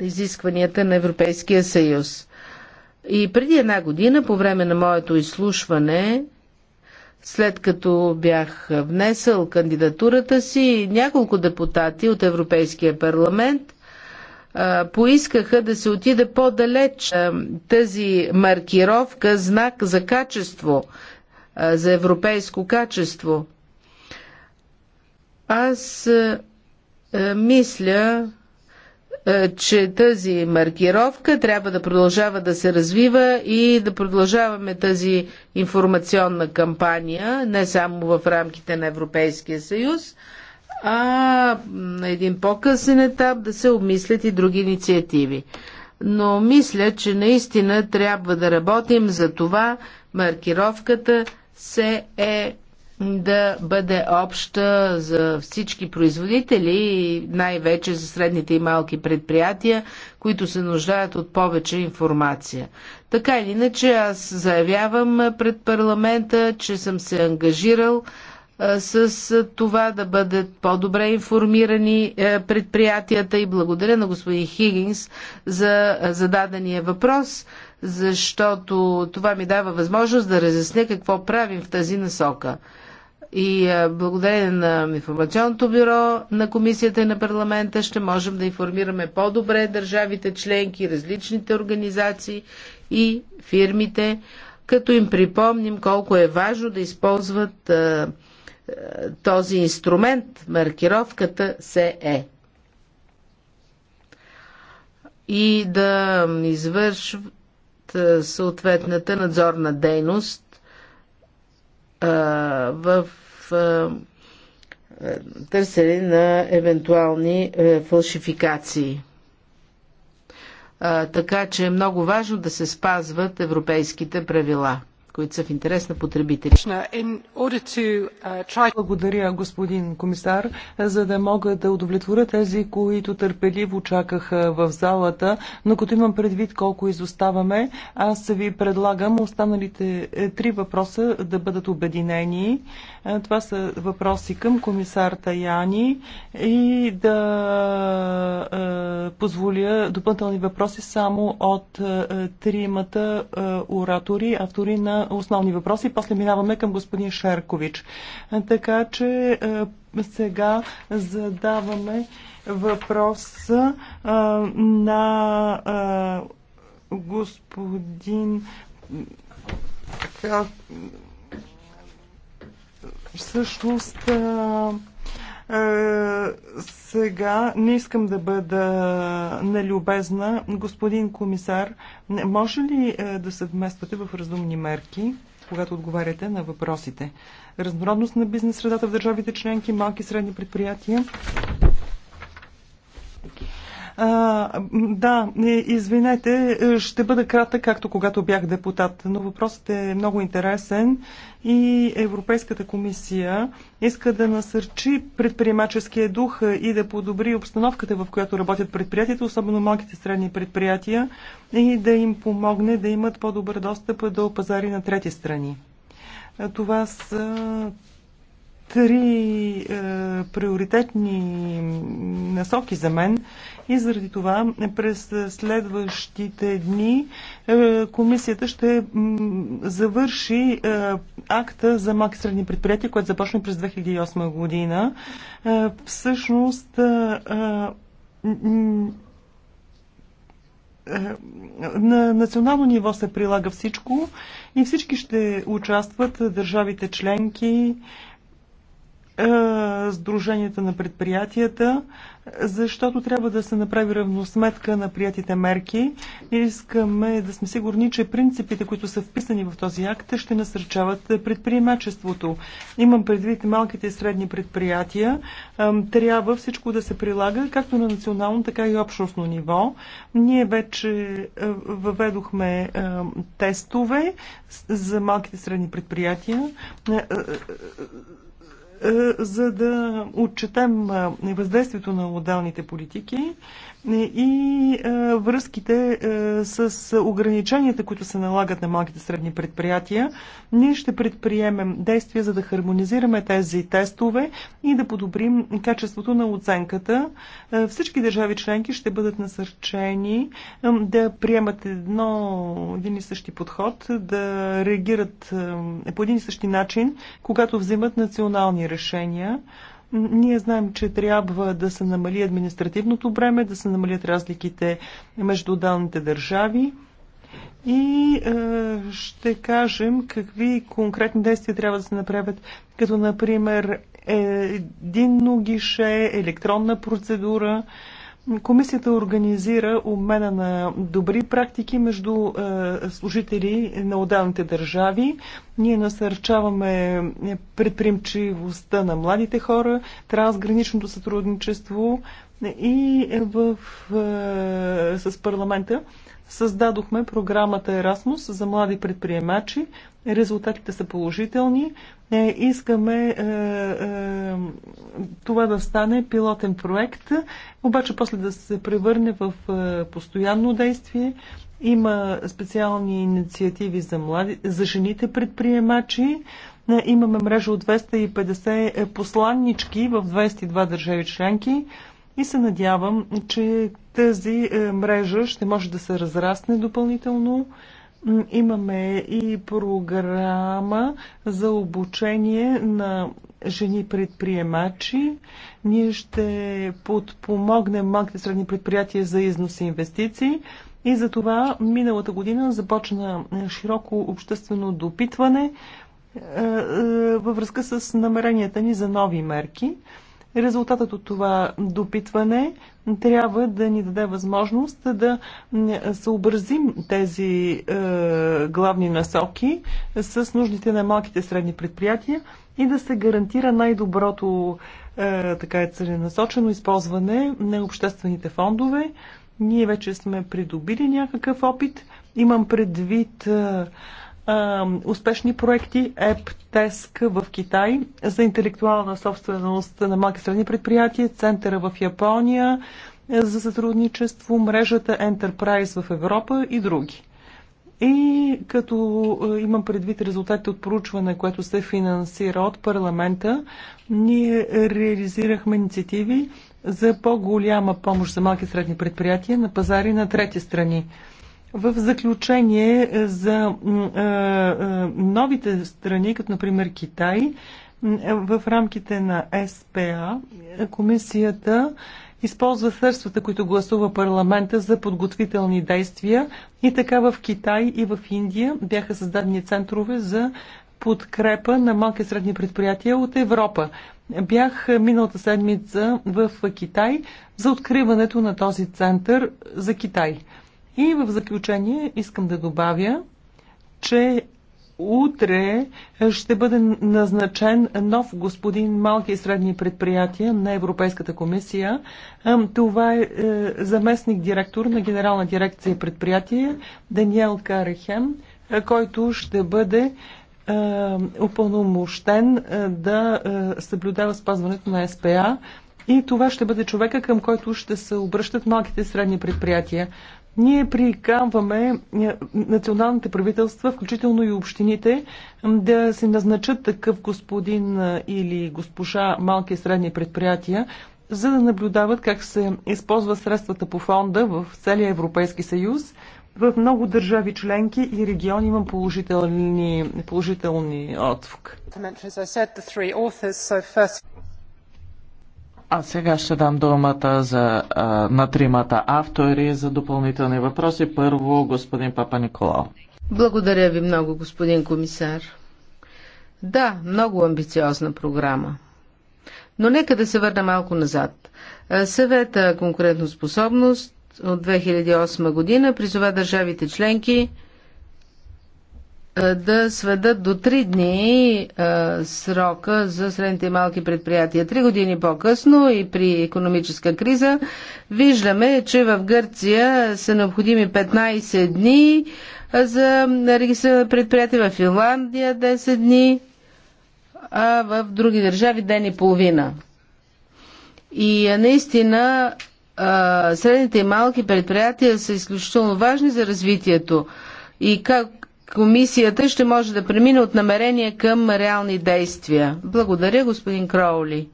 изискванията на Европейския съюз. И преди една година, по време на моето изслушване, след като бях внесъл кандидатурата си, няколко депутати от Европейския парламент поискаха да се отиде по-далеч тази маркировка, знак за качество, за европейско качество. Аз мисля, е, че тази маркировка трябва да продължава да се развива и да продължаваме тази информационна кампания, не само в рамките на Европейския съюз, а на един по-късен етап да се обмислят и други инициативи. Но мисля, че наистина трябва да работим за това маркировката се е да бъде обща за всички производители, най-вече за средните и малки предприятия, които се нуждаят от повече информация. Така или иначе, аз заявявам пред парламента, че съм се ангажирал с това да бъдат по-добре информирани е, предприятията и благодаря на господин Хигинс за зададения въпрос, защото това ми дава възможност да разясня какво правим в тази насока. И е, благодарение на информационното бюро на комисията и на парламента ще можем да информираме по-добре държавите членки, различните организации и фирмите, като им припомним колко е важно да използват а, е, е, този инструмент, маркировката СЕ. И да извършват съответната надзорна дейност а, в е, е, търсене на евентуални е, фалшификации. Така че е много важно да се спазват европейските правила които са в интерес на потребители. Uh, Благодаря, господин комисар, за да мога да удовлетворя тези, които търпеливо чакаха в залата, но като имам предвид колко изоставаме, аз ви предлагам останалите е, три въпроса да бъдат обединени. Е, това са въпроси към комисар Таяни и да е, позволя допълнителни въпроси само от тримата оратори, автори на основни въпроси. После минаваме към господин Шеркович. Така че е, сега задаваме въпроса е, на е, господин всъщност е, сега не искам да бъда нелюбезна. Господин комисар, може ли е, да се вмествате в разумни мерки? когато отговаряте на въпросите. Разнородност на бизнес средата в държавите членки, малки и средни предприятия. А, да, извинете, ще бъда кратък, както когато бях депутат, но въпросът е много интересен и Европейската комисия иска да насърчи предприемаческия дух и да подобри обстановката, в която работят предприятията, особено малките средни предприятия, и да им помогне да имат по-добър достъп до пазари на трети страни. Това са три е, приоритетни насоки за мен. И заради това е, през е, следващите дни е, комисията ще завърши акта за малки средни предприятия, което започна през 2008 година. Всъщност на национално ниво се прилага всичко и всички ще участват, държавите членки, е, сдруженията на предприятията, защото трябва да се направи равносметка на приятите мерки. Искаме да сме сигурни, че принципите, които са вписани в този акт, ще насърчават предприемачеството. Имам предвид малките и средни предприятия. Е, трябва всичко да се прилага както на национално, така и общностно ниво. Ние вече е, въведохме тестове за малките и средни предприятия е, за да отчетем е, въздействието на отделните политики е, и връзките с ограниченията, които се налагат на малките средни предприятия. Ние ще предприемем действия, за да хармонизираме тези тестове и да подобрим качеството на оценката. Всички държави членки ще бъдат насърчени да приемат едно, един и същи подход, да реагират по един и същи начин, когато взимат национални решения решения. Ние знаем, че трябва да се намали административното бреме, да се намалят разликите между отдалните държави. И е, ще кажем какви конкретни действия трябва да се направят, като например е, единно гише, електронна процедура, е, Комисията организира обмена на добри практики между е, служители на отделните държави. Ние насърчаваме предприемчивостта на младите хора, трансграничното сътрудничество и в, е, с парламента. Създадохме програмата Erasmus за млади предприемачи. Резултатите са положителни. Е, искаме е, е, това да стане пилотен проект, обаче после да се превърне в постоянно действие. Има специални инициативи за, млади, за жените предприемачи. Имаме мрежа от 250 посланнички в 22 държави членки и се надявам, че тази е, мрежа ще може да се разрасне допълнително. Имаме и програма за обучение на жени предприемачи. Ние ще подпомогнем малките средни предприятия за износ и инвестиции. И за това миналата година започна е, широко обществено допитване е, във връзка с намеренията ни за нови мерки. Резултатът от това допитване трябва да ни даде възможност да съобразим тези е, главни насоки с нуждите на малките средни предприятия и да се гарантира най-доброто е, така е целенасочено използване на обществените фондове. Ние вече сме придобили някакъв опит. Имам предвид е, успешни проекти ЕПТЕСК в Китай за интелектуална собственост на малки средни предприятия, центъра в Япония за сътрудничество, мрежата Enterprise в Европа и други. И като имам предвид резултатите от проучване, което се финансира от парламента, ние реализирахме инициативи за по-голяма помощ за малки средни предприятия на пазари на трети страни. В заключение е, за е, е, новите страни, като например Китай, в рамките на СПА комисията използва средствата, които гласува парламента за подготвителни действия и така в Китай и в Индия бяха създадени центрове за подкрепа на малки и средни предприятия от Европа. Бях миналата седмица в Китай за откриването на този център за Китай. И в заключение искам да добавя, че утре ще бъде назначен нов господин малки и средни предприятия на Европейската комисия. Това е, е заместник директор на Генерална дирекция предприятия Даниел Карехем, е, който ще бъде е, упълномощен да съблюдава спазването на СПА и това ще бъде човека, към който ще се обръщат малките и средни предприятия. Ние приканваме е, националните правителства, включително и общините, да се назначат такъв господин е, или госпожа малки и средни предприятия, за да наблюдават как се използват средствата по фонда в целия Европейски съюз. В много държави членки и региони има положителни, положителни отзвук. А сега ще дам думата за, а, на тримата автори за допълнителни въпроси. Първо господин Папа Николао. Благодаря ви много, господин комисар. Да, много амбициозна програма. Но нека да се върна малко назад. Съвета конкурентоспособност от 2008 година призова държавите членки е, да сведат до 3 дни е, срока за средните и малки предприятия. Три години по-късно и при економическа криза виждаме, че в Гърция са необходими 15 дни е, за регистриране предприятия, в Финландия 10 дни, а в други държави ден и половина. И наистина средните и малки предприятия са изключително важни за развитието. И как комисията ще може да премине от намерения към реални действия. Благодаря, господин Кроули.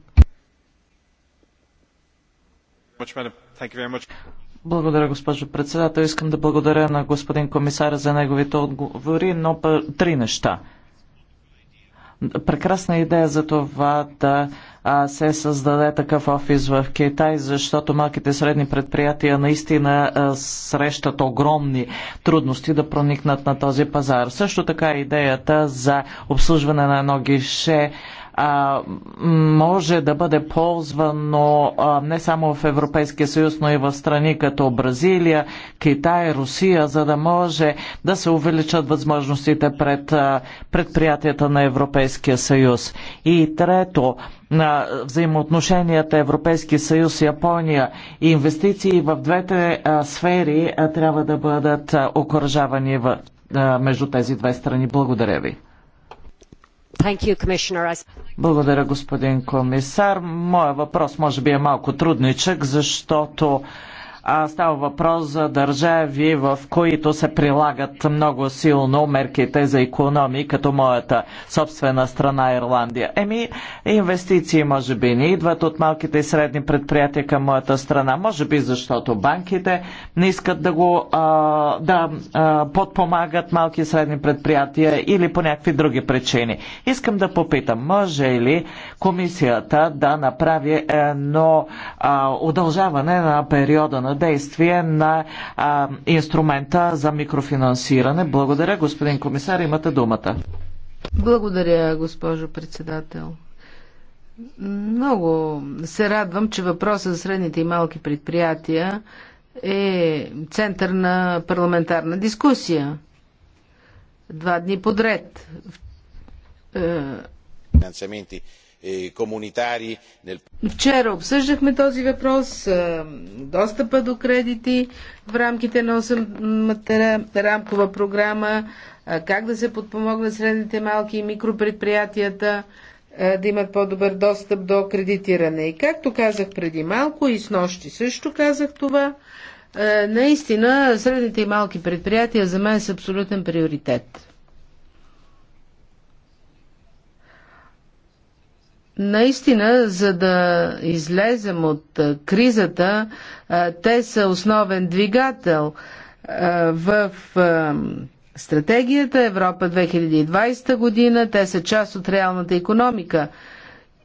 Благодаря, госпожо председател. Искам да благодаря на господин комисара за неговите отговори, но три неща. Прекрасна идея за това да а, се създаде такъв офис в Китай, защото малките средни предприятия наистина а, срещат огромни трудности да проникнат на този пазар. Също така идеята за обслужване на едно гише а, може да бъде ползвано а, не само в Европейския съюз, но и в страни като Бразилия, Китай, Русия, за да може да се увеличат възможностите пред а, предприятията на Европейския съюз. И трето, на взаимоотношенията Европейски съюз Япония и инвестиции в двете сфери трябва да бъдат окоръжавани между тези две страни. Благодаря ви. You, Благодаря, господин комисар. Моя въпрос може би е малко трудничък, защото става въпрос за държави, в които се прилагат много силно мерките за економии, като моята собствена страна Ирландия. Еми, инвестиции може би не идват от малките и средни предприятия към моята страна, може би защото банките не искат да го а, да а, подпомагат малки и средни предприятия или по някакви други причини. Искам да попитам, може ли комисията да направи едно а, удължаване на периода на на действие на а, инструмента за микрофинансиране. Благодаря, господин комисар, имате думата. Благодаря, госпожо председател. Много се радвам, че въпросът за средните и малки предприятия е център на парламентарна дискусия. Два дни подред. Е, е, комунитари. Вчера обсъждахме този въпрос, е, достъпа до кредити в рамките на 8 рамкова програма, е, как да се подпомогнат средните малки и микропредприятията да имат по-добър достъп до кредитиране. И както казах преди малко и с нощи също казах това, наистина средните и малки предприятия за мен са абсолютен приоритет. Наистина, за да излезем от кризата, те са основен двигател в стратегията Европа 2020 година. Те са част от реалната економика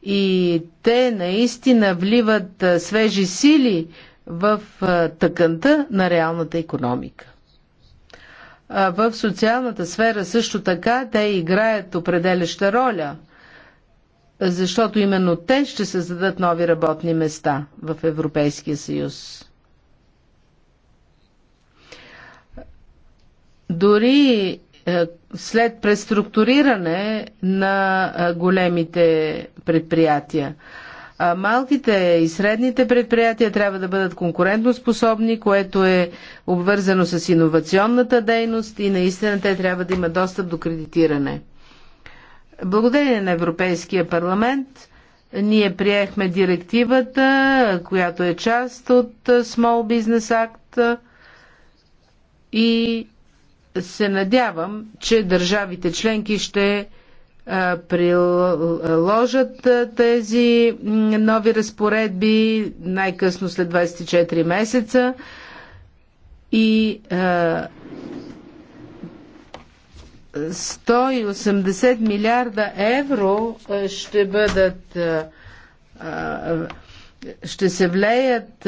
и те наистина вливат свежи сили в тъканта на реалната економика. В социалната сфера също така те играят определяща роля – защото именно те ще създадат нови работни места в Европейския съюз. Дори е, след преструктуриране на е, големите предприятия. малките и средните предприятия трябва да бъдат конкурентоспособни, което е обвързано с иновационната дейност и наистина те трябва да имат достъп до кредитиране. Благодарение на Европейския парламент ние приехме директивата, която е част от Small Business Act и се надявам, че държавите членки ще приложат тези нови разпоредби най-късно след 24 месеца и а, 180 милиарда евро е, ще бъдат е, е, ще се влеят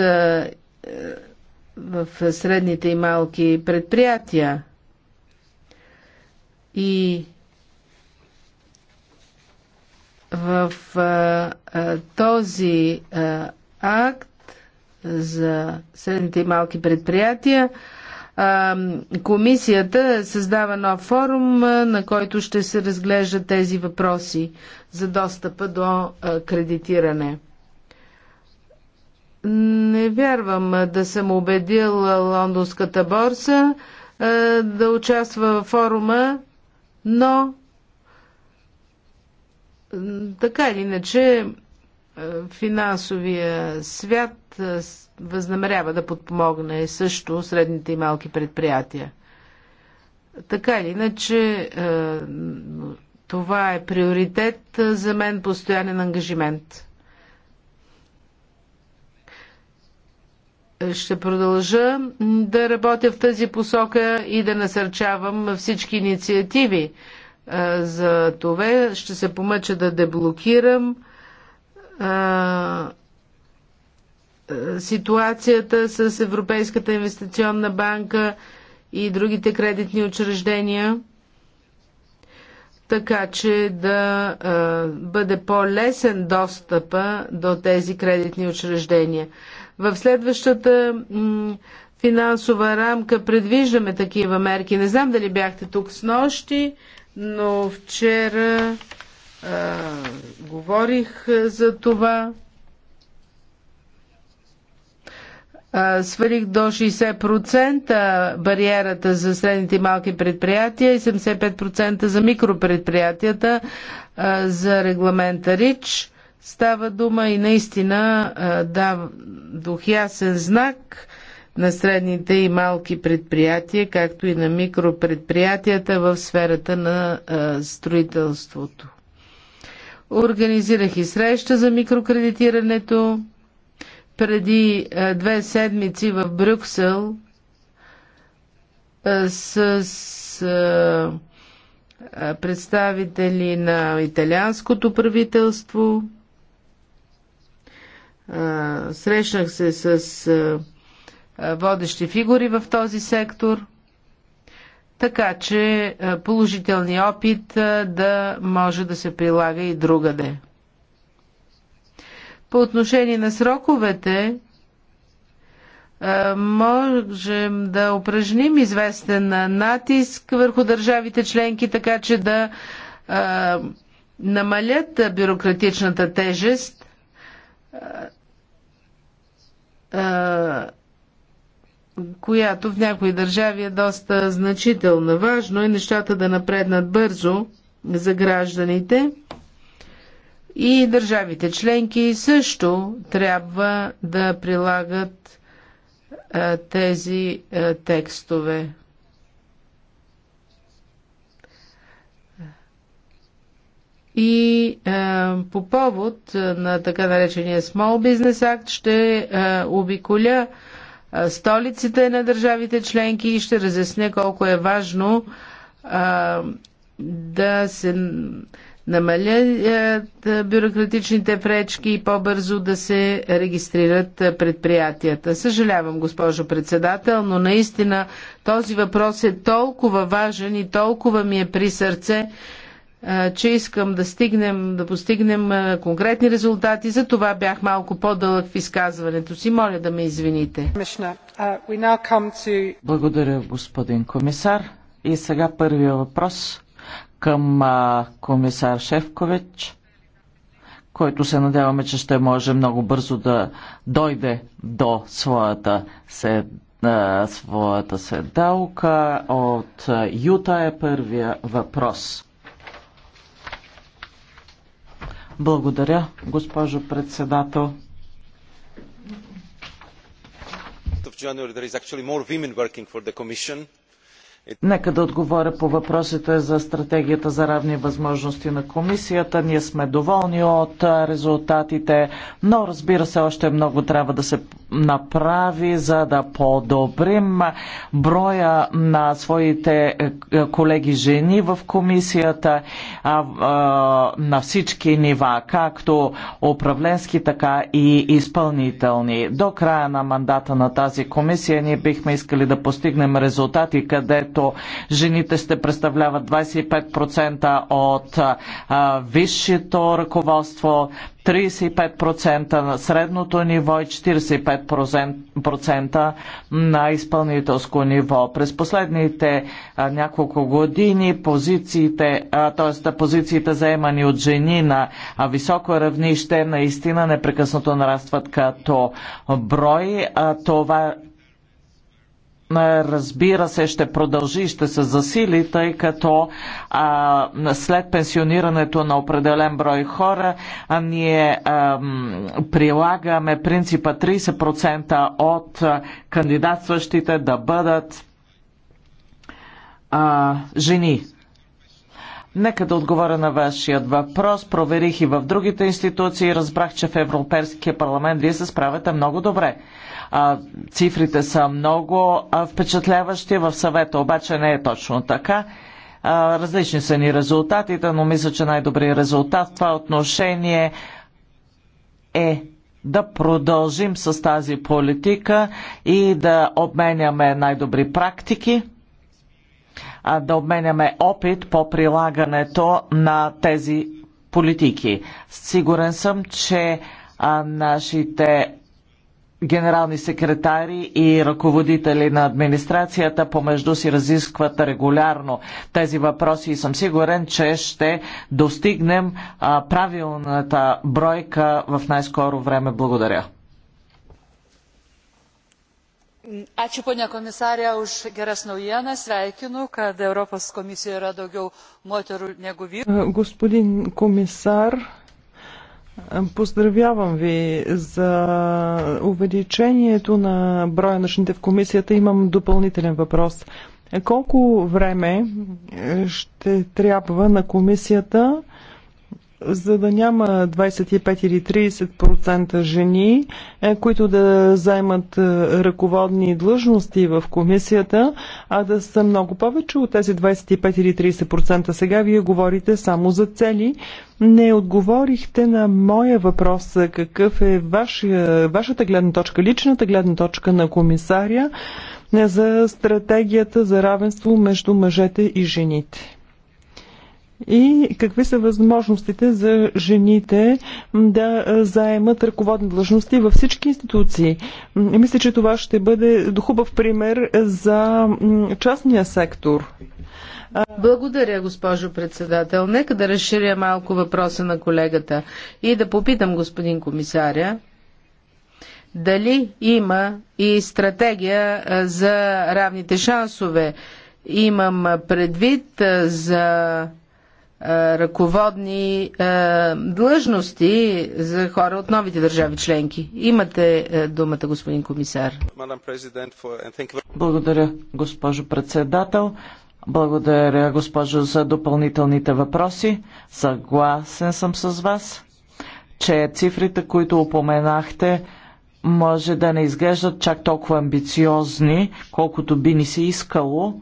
в средните и малки предприятия. И в този акт за средните и малки предприятия комисията създава нов форум, на който ще се разглежда тези въпроси за достъпа до кредитиране. Не вярвам да съм убедил лондонската борса да участва в форума, но така или иначе финансовия свят възнамерява да подпомогне също средните и малки предприятия. Така или иначе, това е приоритет за мен, постоянен ангажимент. Ще продължа да работя в тази посока и да насърчавам всички инициативи. За това ще се помъча да деблокирам ситуацията с Европейската инвестиционна банка и другите кредитни учреждения, така че да а, бъде по-лесен достъпа до тези кредитни учреждения. В следващата финансова рамка предвиждаме такива мерки. Не знам дали бяхте тук с нощи, но вчера а, говорих за това. А, свалих до 60% бариерата за средните и малки предприятия и 75% за микропредприятията а, за регламента РИЧ. Става дума и наистина да дух ясен знак на средните и малки предприятия, както и на микропредприятията в сферата на а, строителството. Организирах и среща за микрокредитирането. Преди е, две седмици в Брюксел е, с, е, представители на италианското правителство. Срещнах се с водещи фигури в този сектор – така че е, положителният опит е, да може да се прилага и другаде. По отношение на сроковете, е, можем да упражним известен натиск върху държавите членки, така че да намалят бюрократичната тежест която в някои държави е доста значителна. Важно е нещата да напреднат бързо за гражданите и държавите членки също трябва да прилагат а, тези а, текстове. И е, по повод на така наречения Small Business Act ще е, обиколя е, столиците на държавите членки и ще разясня колко е важно а, да се намалят бюрократичните пречки и по-бързо да се регистрират предприятията. Съжалявам, госпожо председател, но наистина този въпрос е толкова важен и толкова ми е при сърце, че искам да стигнем, да постигнем конкретни резултати. За това бях малко по-дълъг в изказването си. Моля да ме извините. Uh, Благодаря, господин комисар. И сега първия въпрос към комисар Шевкович, който се надяваме, че ще може много бързо да дойде до своята седмица своята седалка от Юта е първия въпрос. Благодаря, госпожо председател. Of January, there is actually more women working for the Commission Нека да отговоря по въпросите за стратегията за равни възможности на комисията. Ние сме доволни от резултатите, но разбира се, още много трябва да се направи, за да подобрим броя на своите е, колеги жени в комисията на всички нива, както управленски, така и изпълнителни. До края на мандата на тази комисия ние бихме искали да постигнем резултати, където където жените ще представляват 25% от а, висшето ръководство, 35% на средното ниво и 45% на изпълнителско ниво. През последните а, няколко години позициите, т.е. позициите заемани от жени на а, високо равнище наистина непрекъснато нарастват като брой. А, това е, разбира се, ще продължи и ще се засили, тъй като а, след пенсионирането на определен брой хора, а, ние а, прилагаме принципа 30% от кандидатстващите да бъдат а, жени. Нека да отговоря на вашият въпрос. Проверих и в другите институции и разбрах, че в Европейския парламент вие се справяте много добре а, цифрите са много а, впечатляващи, в съвета обаче не е точно така. А, различни са ни резултатите, но мисля, че най-добрият резултат в това отношение е да продължим с тази политика и да обменяме най-добри практики, а да обменяме опит по прилагането на тези политики. Сигурен съм, че а, нашите генерални секретари и ръководители на администрацията помежду си разискват регулярно тези въпроси и съм сигурен, че ще достигнем правилната бройка в най-скоро време. Благодаря. Ačiū ponia komisarė už geras naujienas. Sveikinu, kad Europos komisijoje yra daugiau moterų negu vyrų. Господин комисар, Поздравявам ви за увеличението на броя на в комисията. Имам допълнителен въпрос. Колко време ще трябва на комисията за да няма 25 или 30% жени, е, които да заемат е, ръководни длъжности в комисията, а да са много повече от тези 25 или 30%. Сега вие говорите само за цели. Не отговорихте на моя въпрос е, какъв е ваша, вашата гледна точка, личната гледна точка на комисаря за стратегията за равенство между мъжете и жените и какви са възможностите за жените да заемат ръководни длъжности във всички институции. Мисля, че това ще бъде хубав пример за частния сектор. Благодаря, госпожо председател. Нека да разширя малко въпроса на колегата и да попитам господин комисаря дали има и стратегия за равните шансове. Имам предвид за е, ръководни е, длъжности за хора от новите държави членки. Имате е, думата, господин комисар. Благодаря, госпожо председател. Благодаря, госпожо, за допълнителните въпроси. Съгласен съм с вас, че цифрите, които упоменахте, може да не изглеждат чак толкова амбициозни, колкото би ни се искало,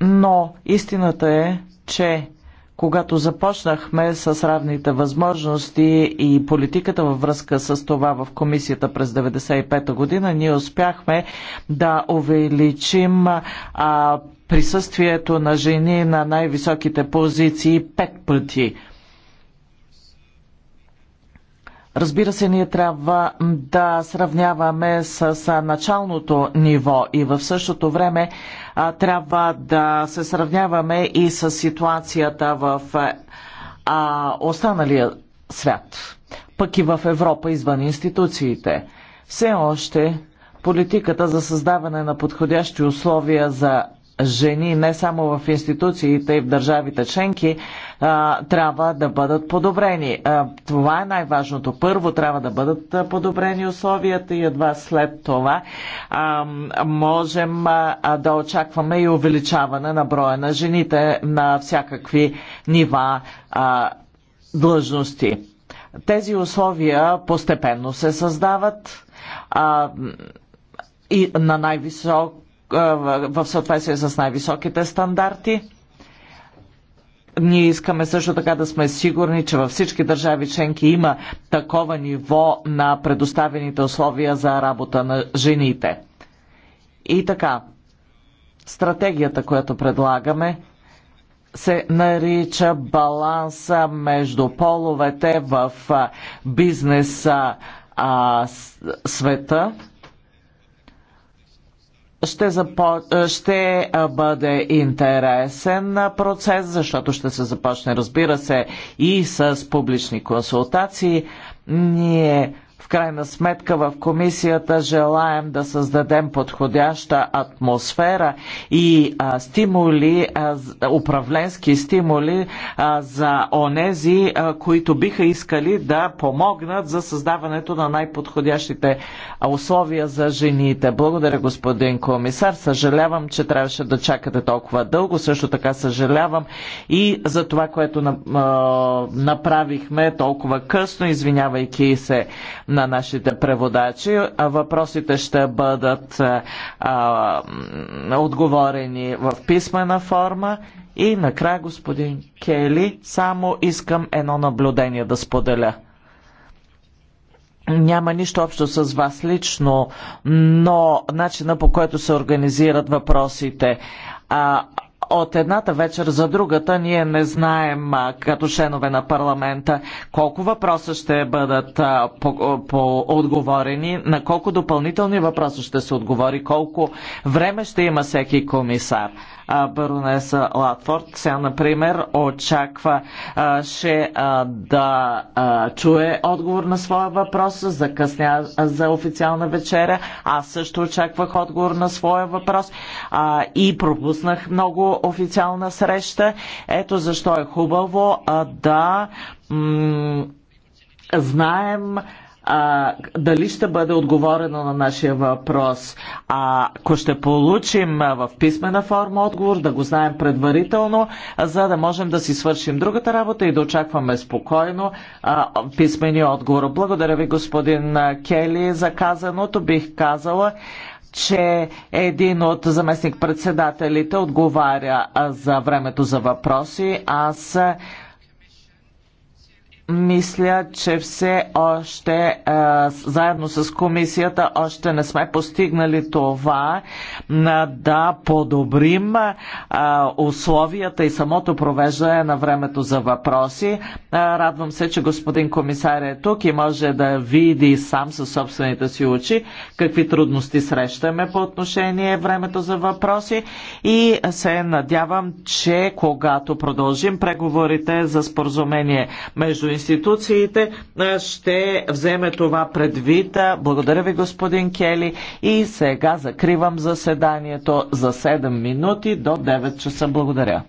но истината е, че когато започнахме с равните възможности и политиката във връзка с това в комисията през 1995 година, ние успяхме да увеличим а, присъствието на жени на най-високите позиции пет пъти. Разбира се, ние трябва да сравняваме с началното ниво и в същото време трябва да се сравняваме и с ситуацията в останалия свят, пък и в Европа извън институциите. Все още политиката за създаване на подходящи условия за жени не само в институциите и в държавите членки трябва да бъдат подобрени. това е най-важното. Първо трябва да бъдат подобрени условията и едва след това можем да очакваме и увеличаване на броя на жените на всякакви нива длъжности. Тези условия постепенно се създават а, и на най-висок в съответствие с най-високите стандарти. Ние искаме също така да сме сигурни, че във всички държави членки има такова ниво на предоставените условия за работа на жените. И така, стратегията, която предлагаме, се нарича баланса между половете в бизнеса а, света ще, запо... Е, ще е, бъде интересен е, процес, защото ще се започне, разбира се, и с публични консултации. Ние в крайна сметка в комисията желаем да създадем подходяща атмосфера и а, стимули, а, управленски стимули а, за онези, а, които биха искали да помогнат за създаването на най-подходящите условия за жените. Благодаря, господин комисар. Съжалявам, че трябваше да чакате толкова дълго. Също така съжалявам и за това, което направихме толкова късно, извинявайки се на нашите преводачи. Въпросите ще бъдат а, отговорени в писмена форма. И накрая, господин Кели, само искам едно наблюдение да споделя няма нищо общо с вас лично, но начина по който се организират въпросите. А, от едната вечер за другата ние не знаем като шенове на парламента колко въпроса ще бъдат по, по отговорени, на колко допълнителни въпроса ще се отговори, колко време ще има всеки комисар баронеса Латфорд. Сега, например, очакваше да чуе отговор на своя въпрос, закъсня за официална вечеря. Аз също очаквах отговор на своя въпрос и пропуснах много официална среща. Ето защо е хубаво да знаем а, дали ще бъде отговорено на нашия въпрос. А, ако ще получим в писмена форма отговор, да го знаем предварително, за да можем да си свършим другата работа и да очакваме спокойно а, писмени отговор. Благодаря ви, господин Кели, за казаното. Бих казала, че един от заместник-председателите отговаря за времето за въпроси. Аз мисля, че все още заедно с комисията още не сме постигнали това да подобрим условията и самото провеждане на времето за въпроси. Радвам се, че господин комисар е тук и може да види сам със собствените си очи какви трудности срещаме по отношение времето за въпроси и се надявам, че когато продължим преговорите за споразумение между институциите ще вземе това предвид. Благодаря ви, господин Кели. И сега закривам заседанието за 7 минути до 9 часа. Благодаря.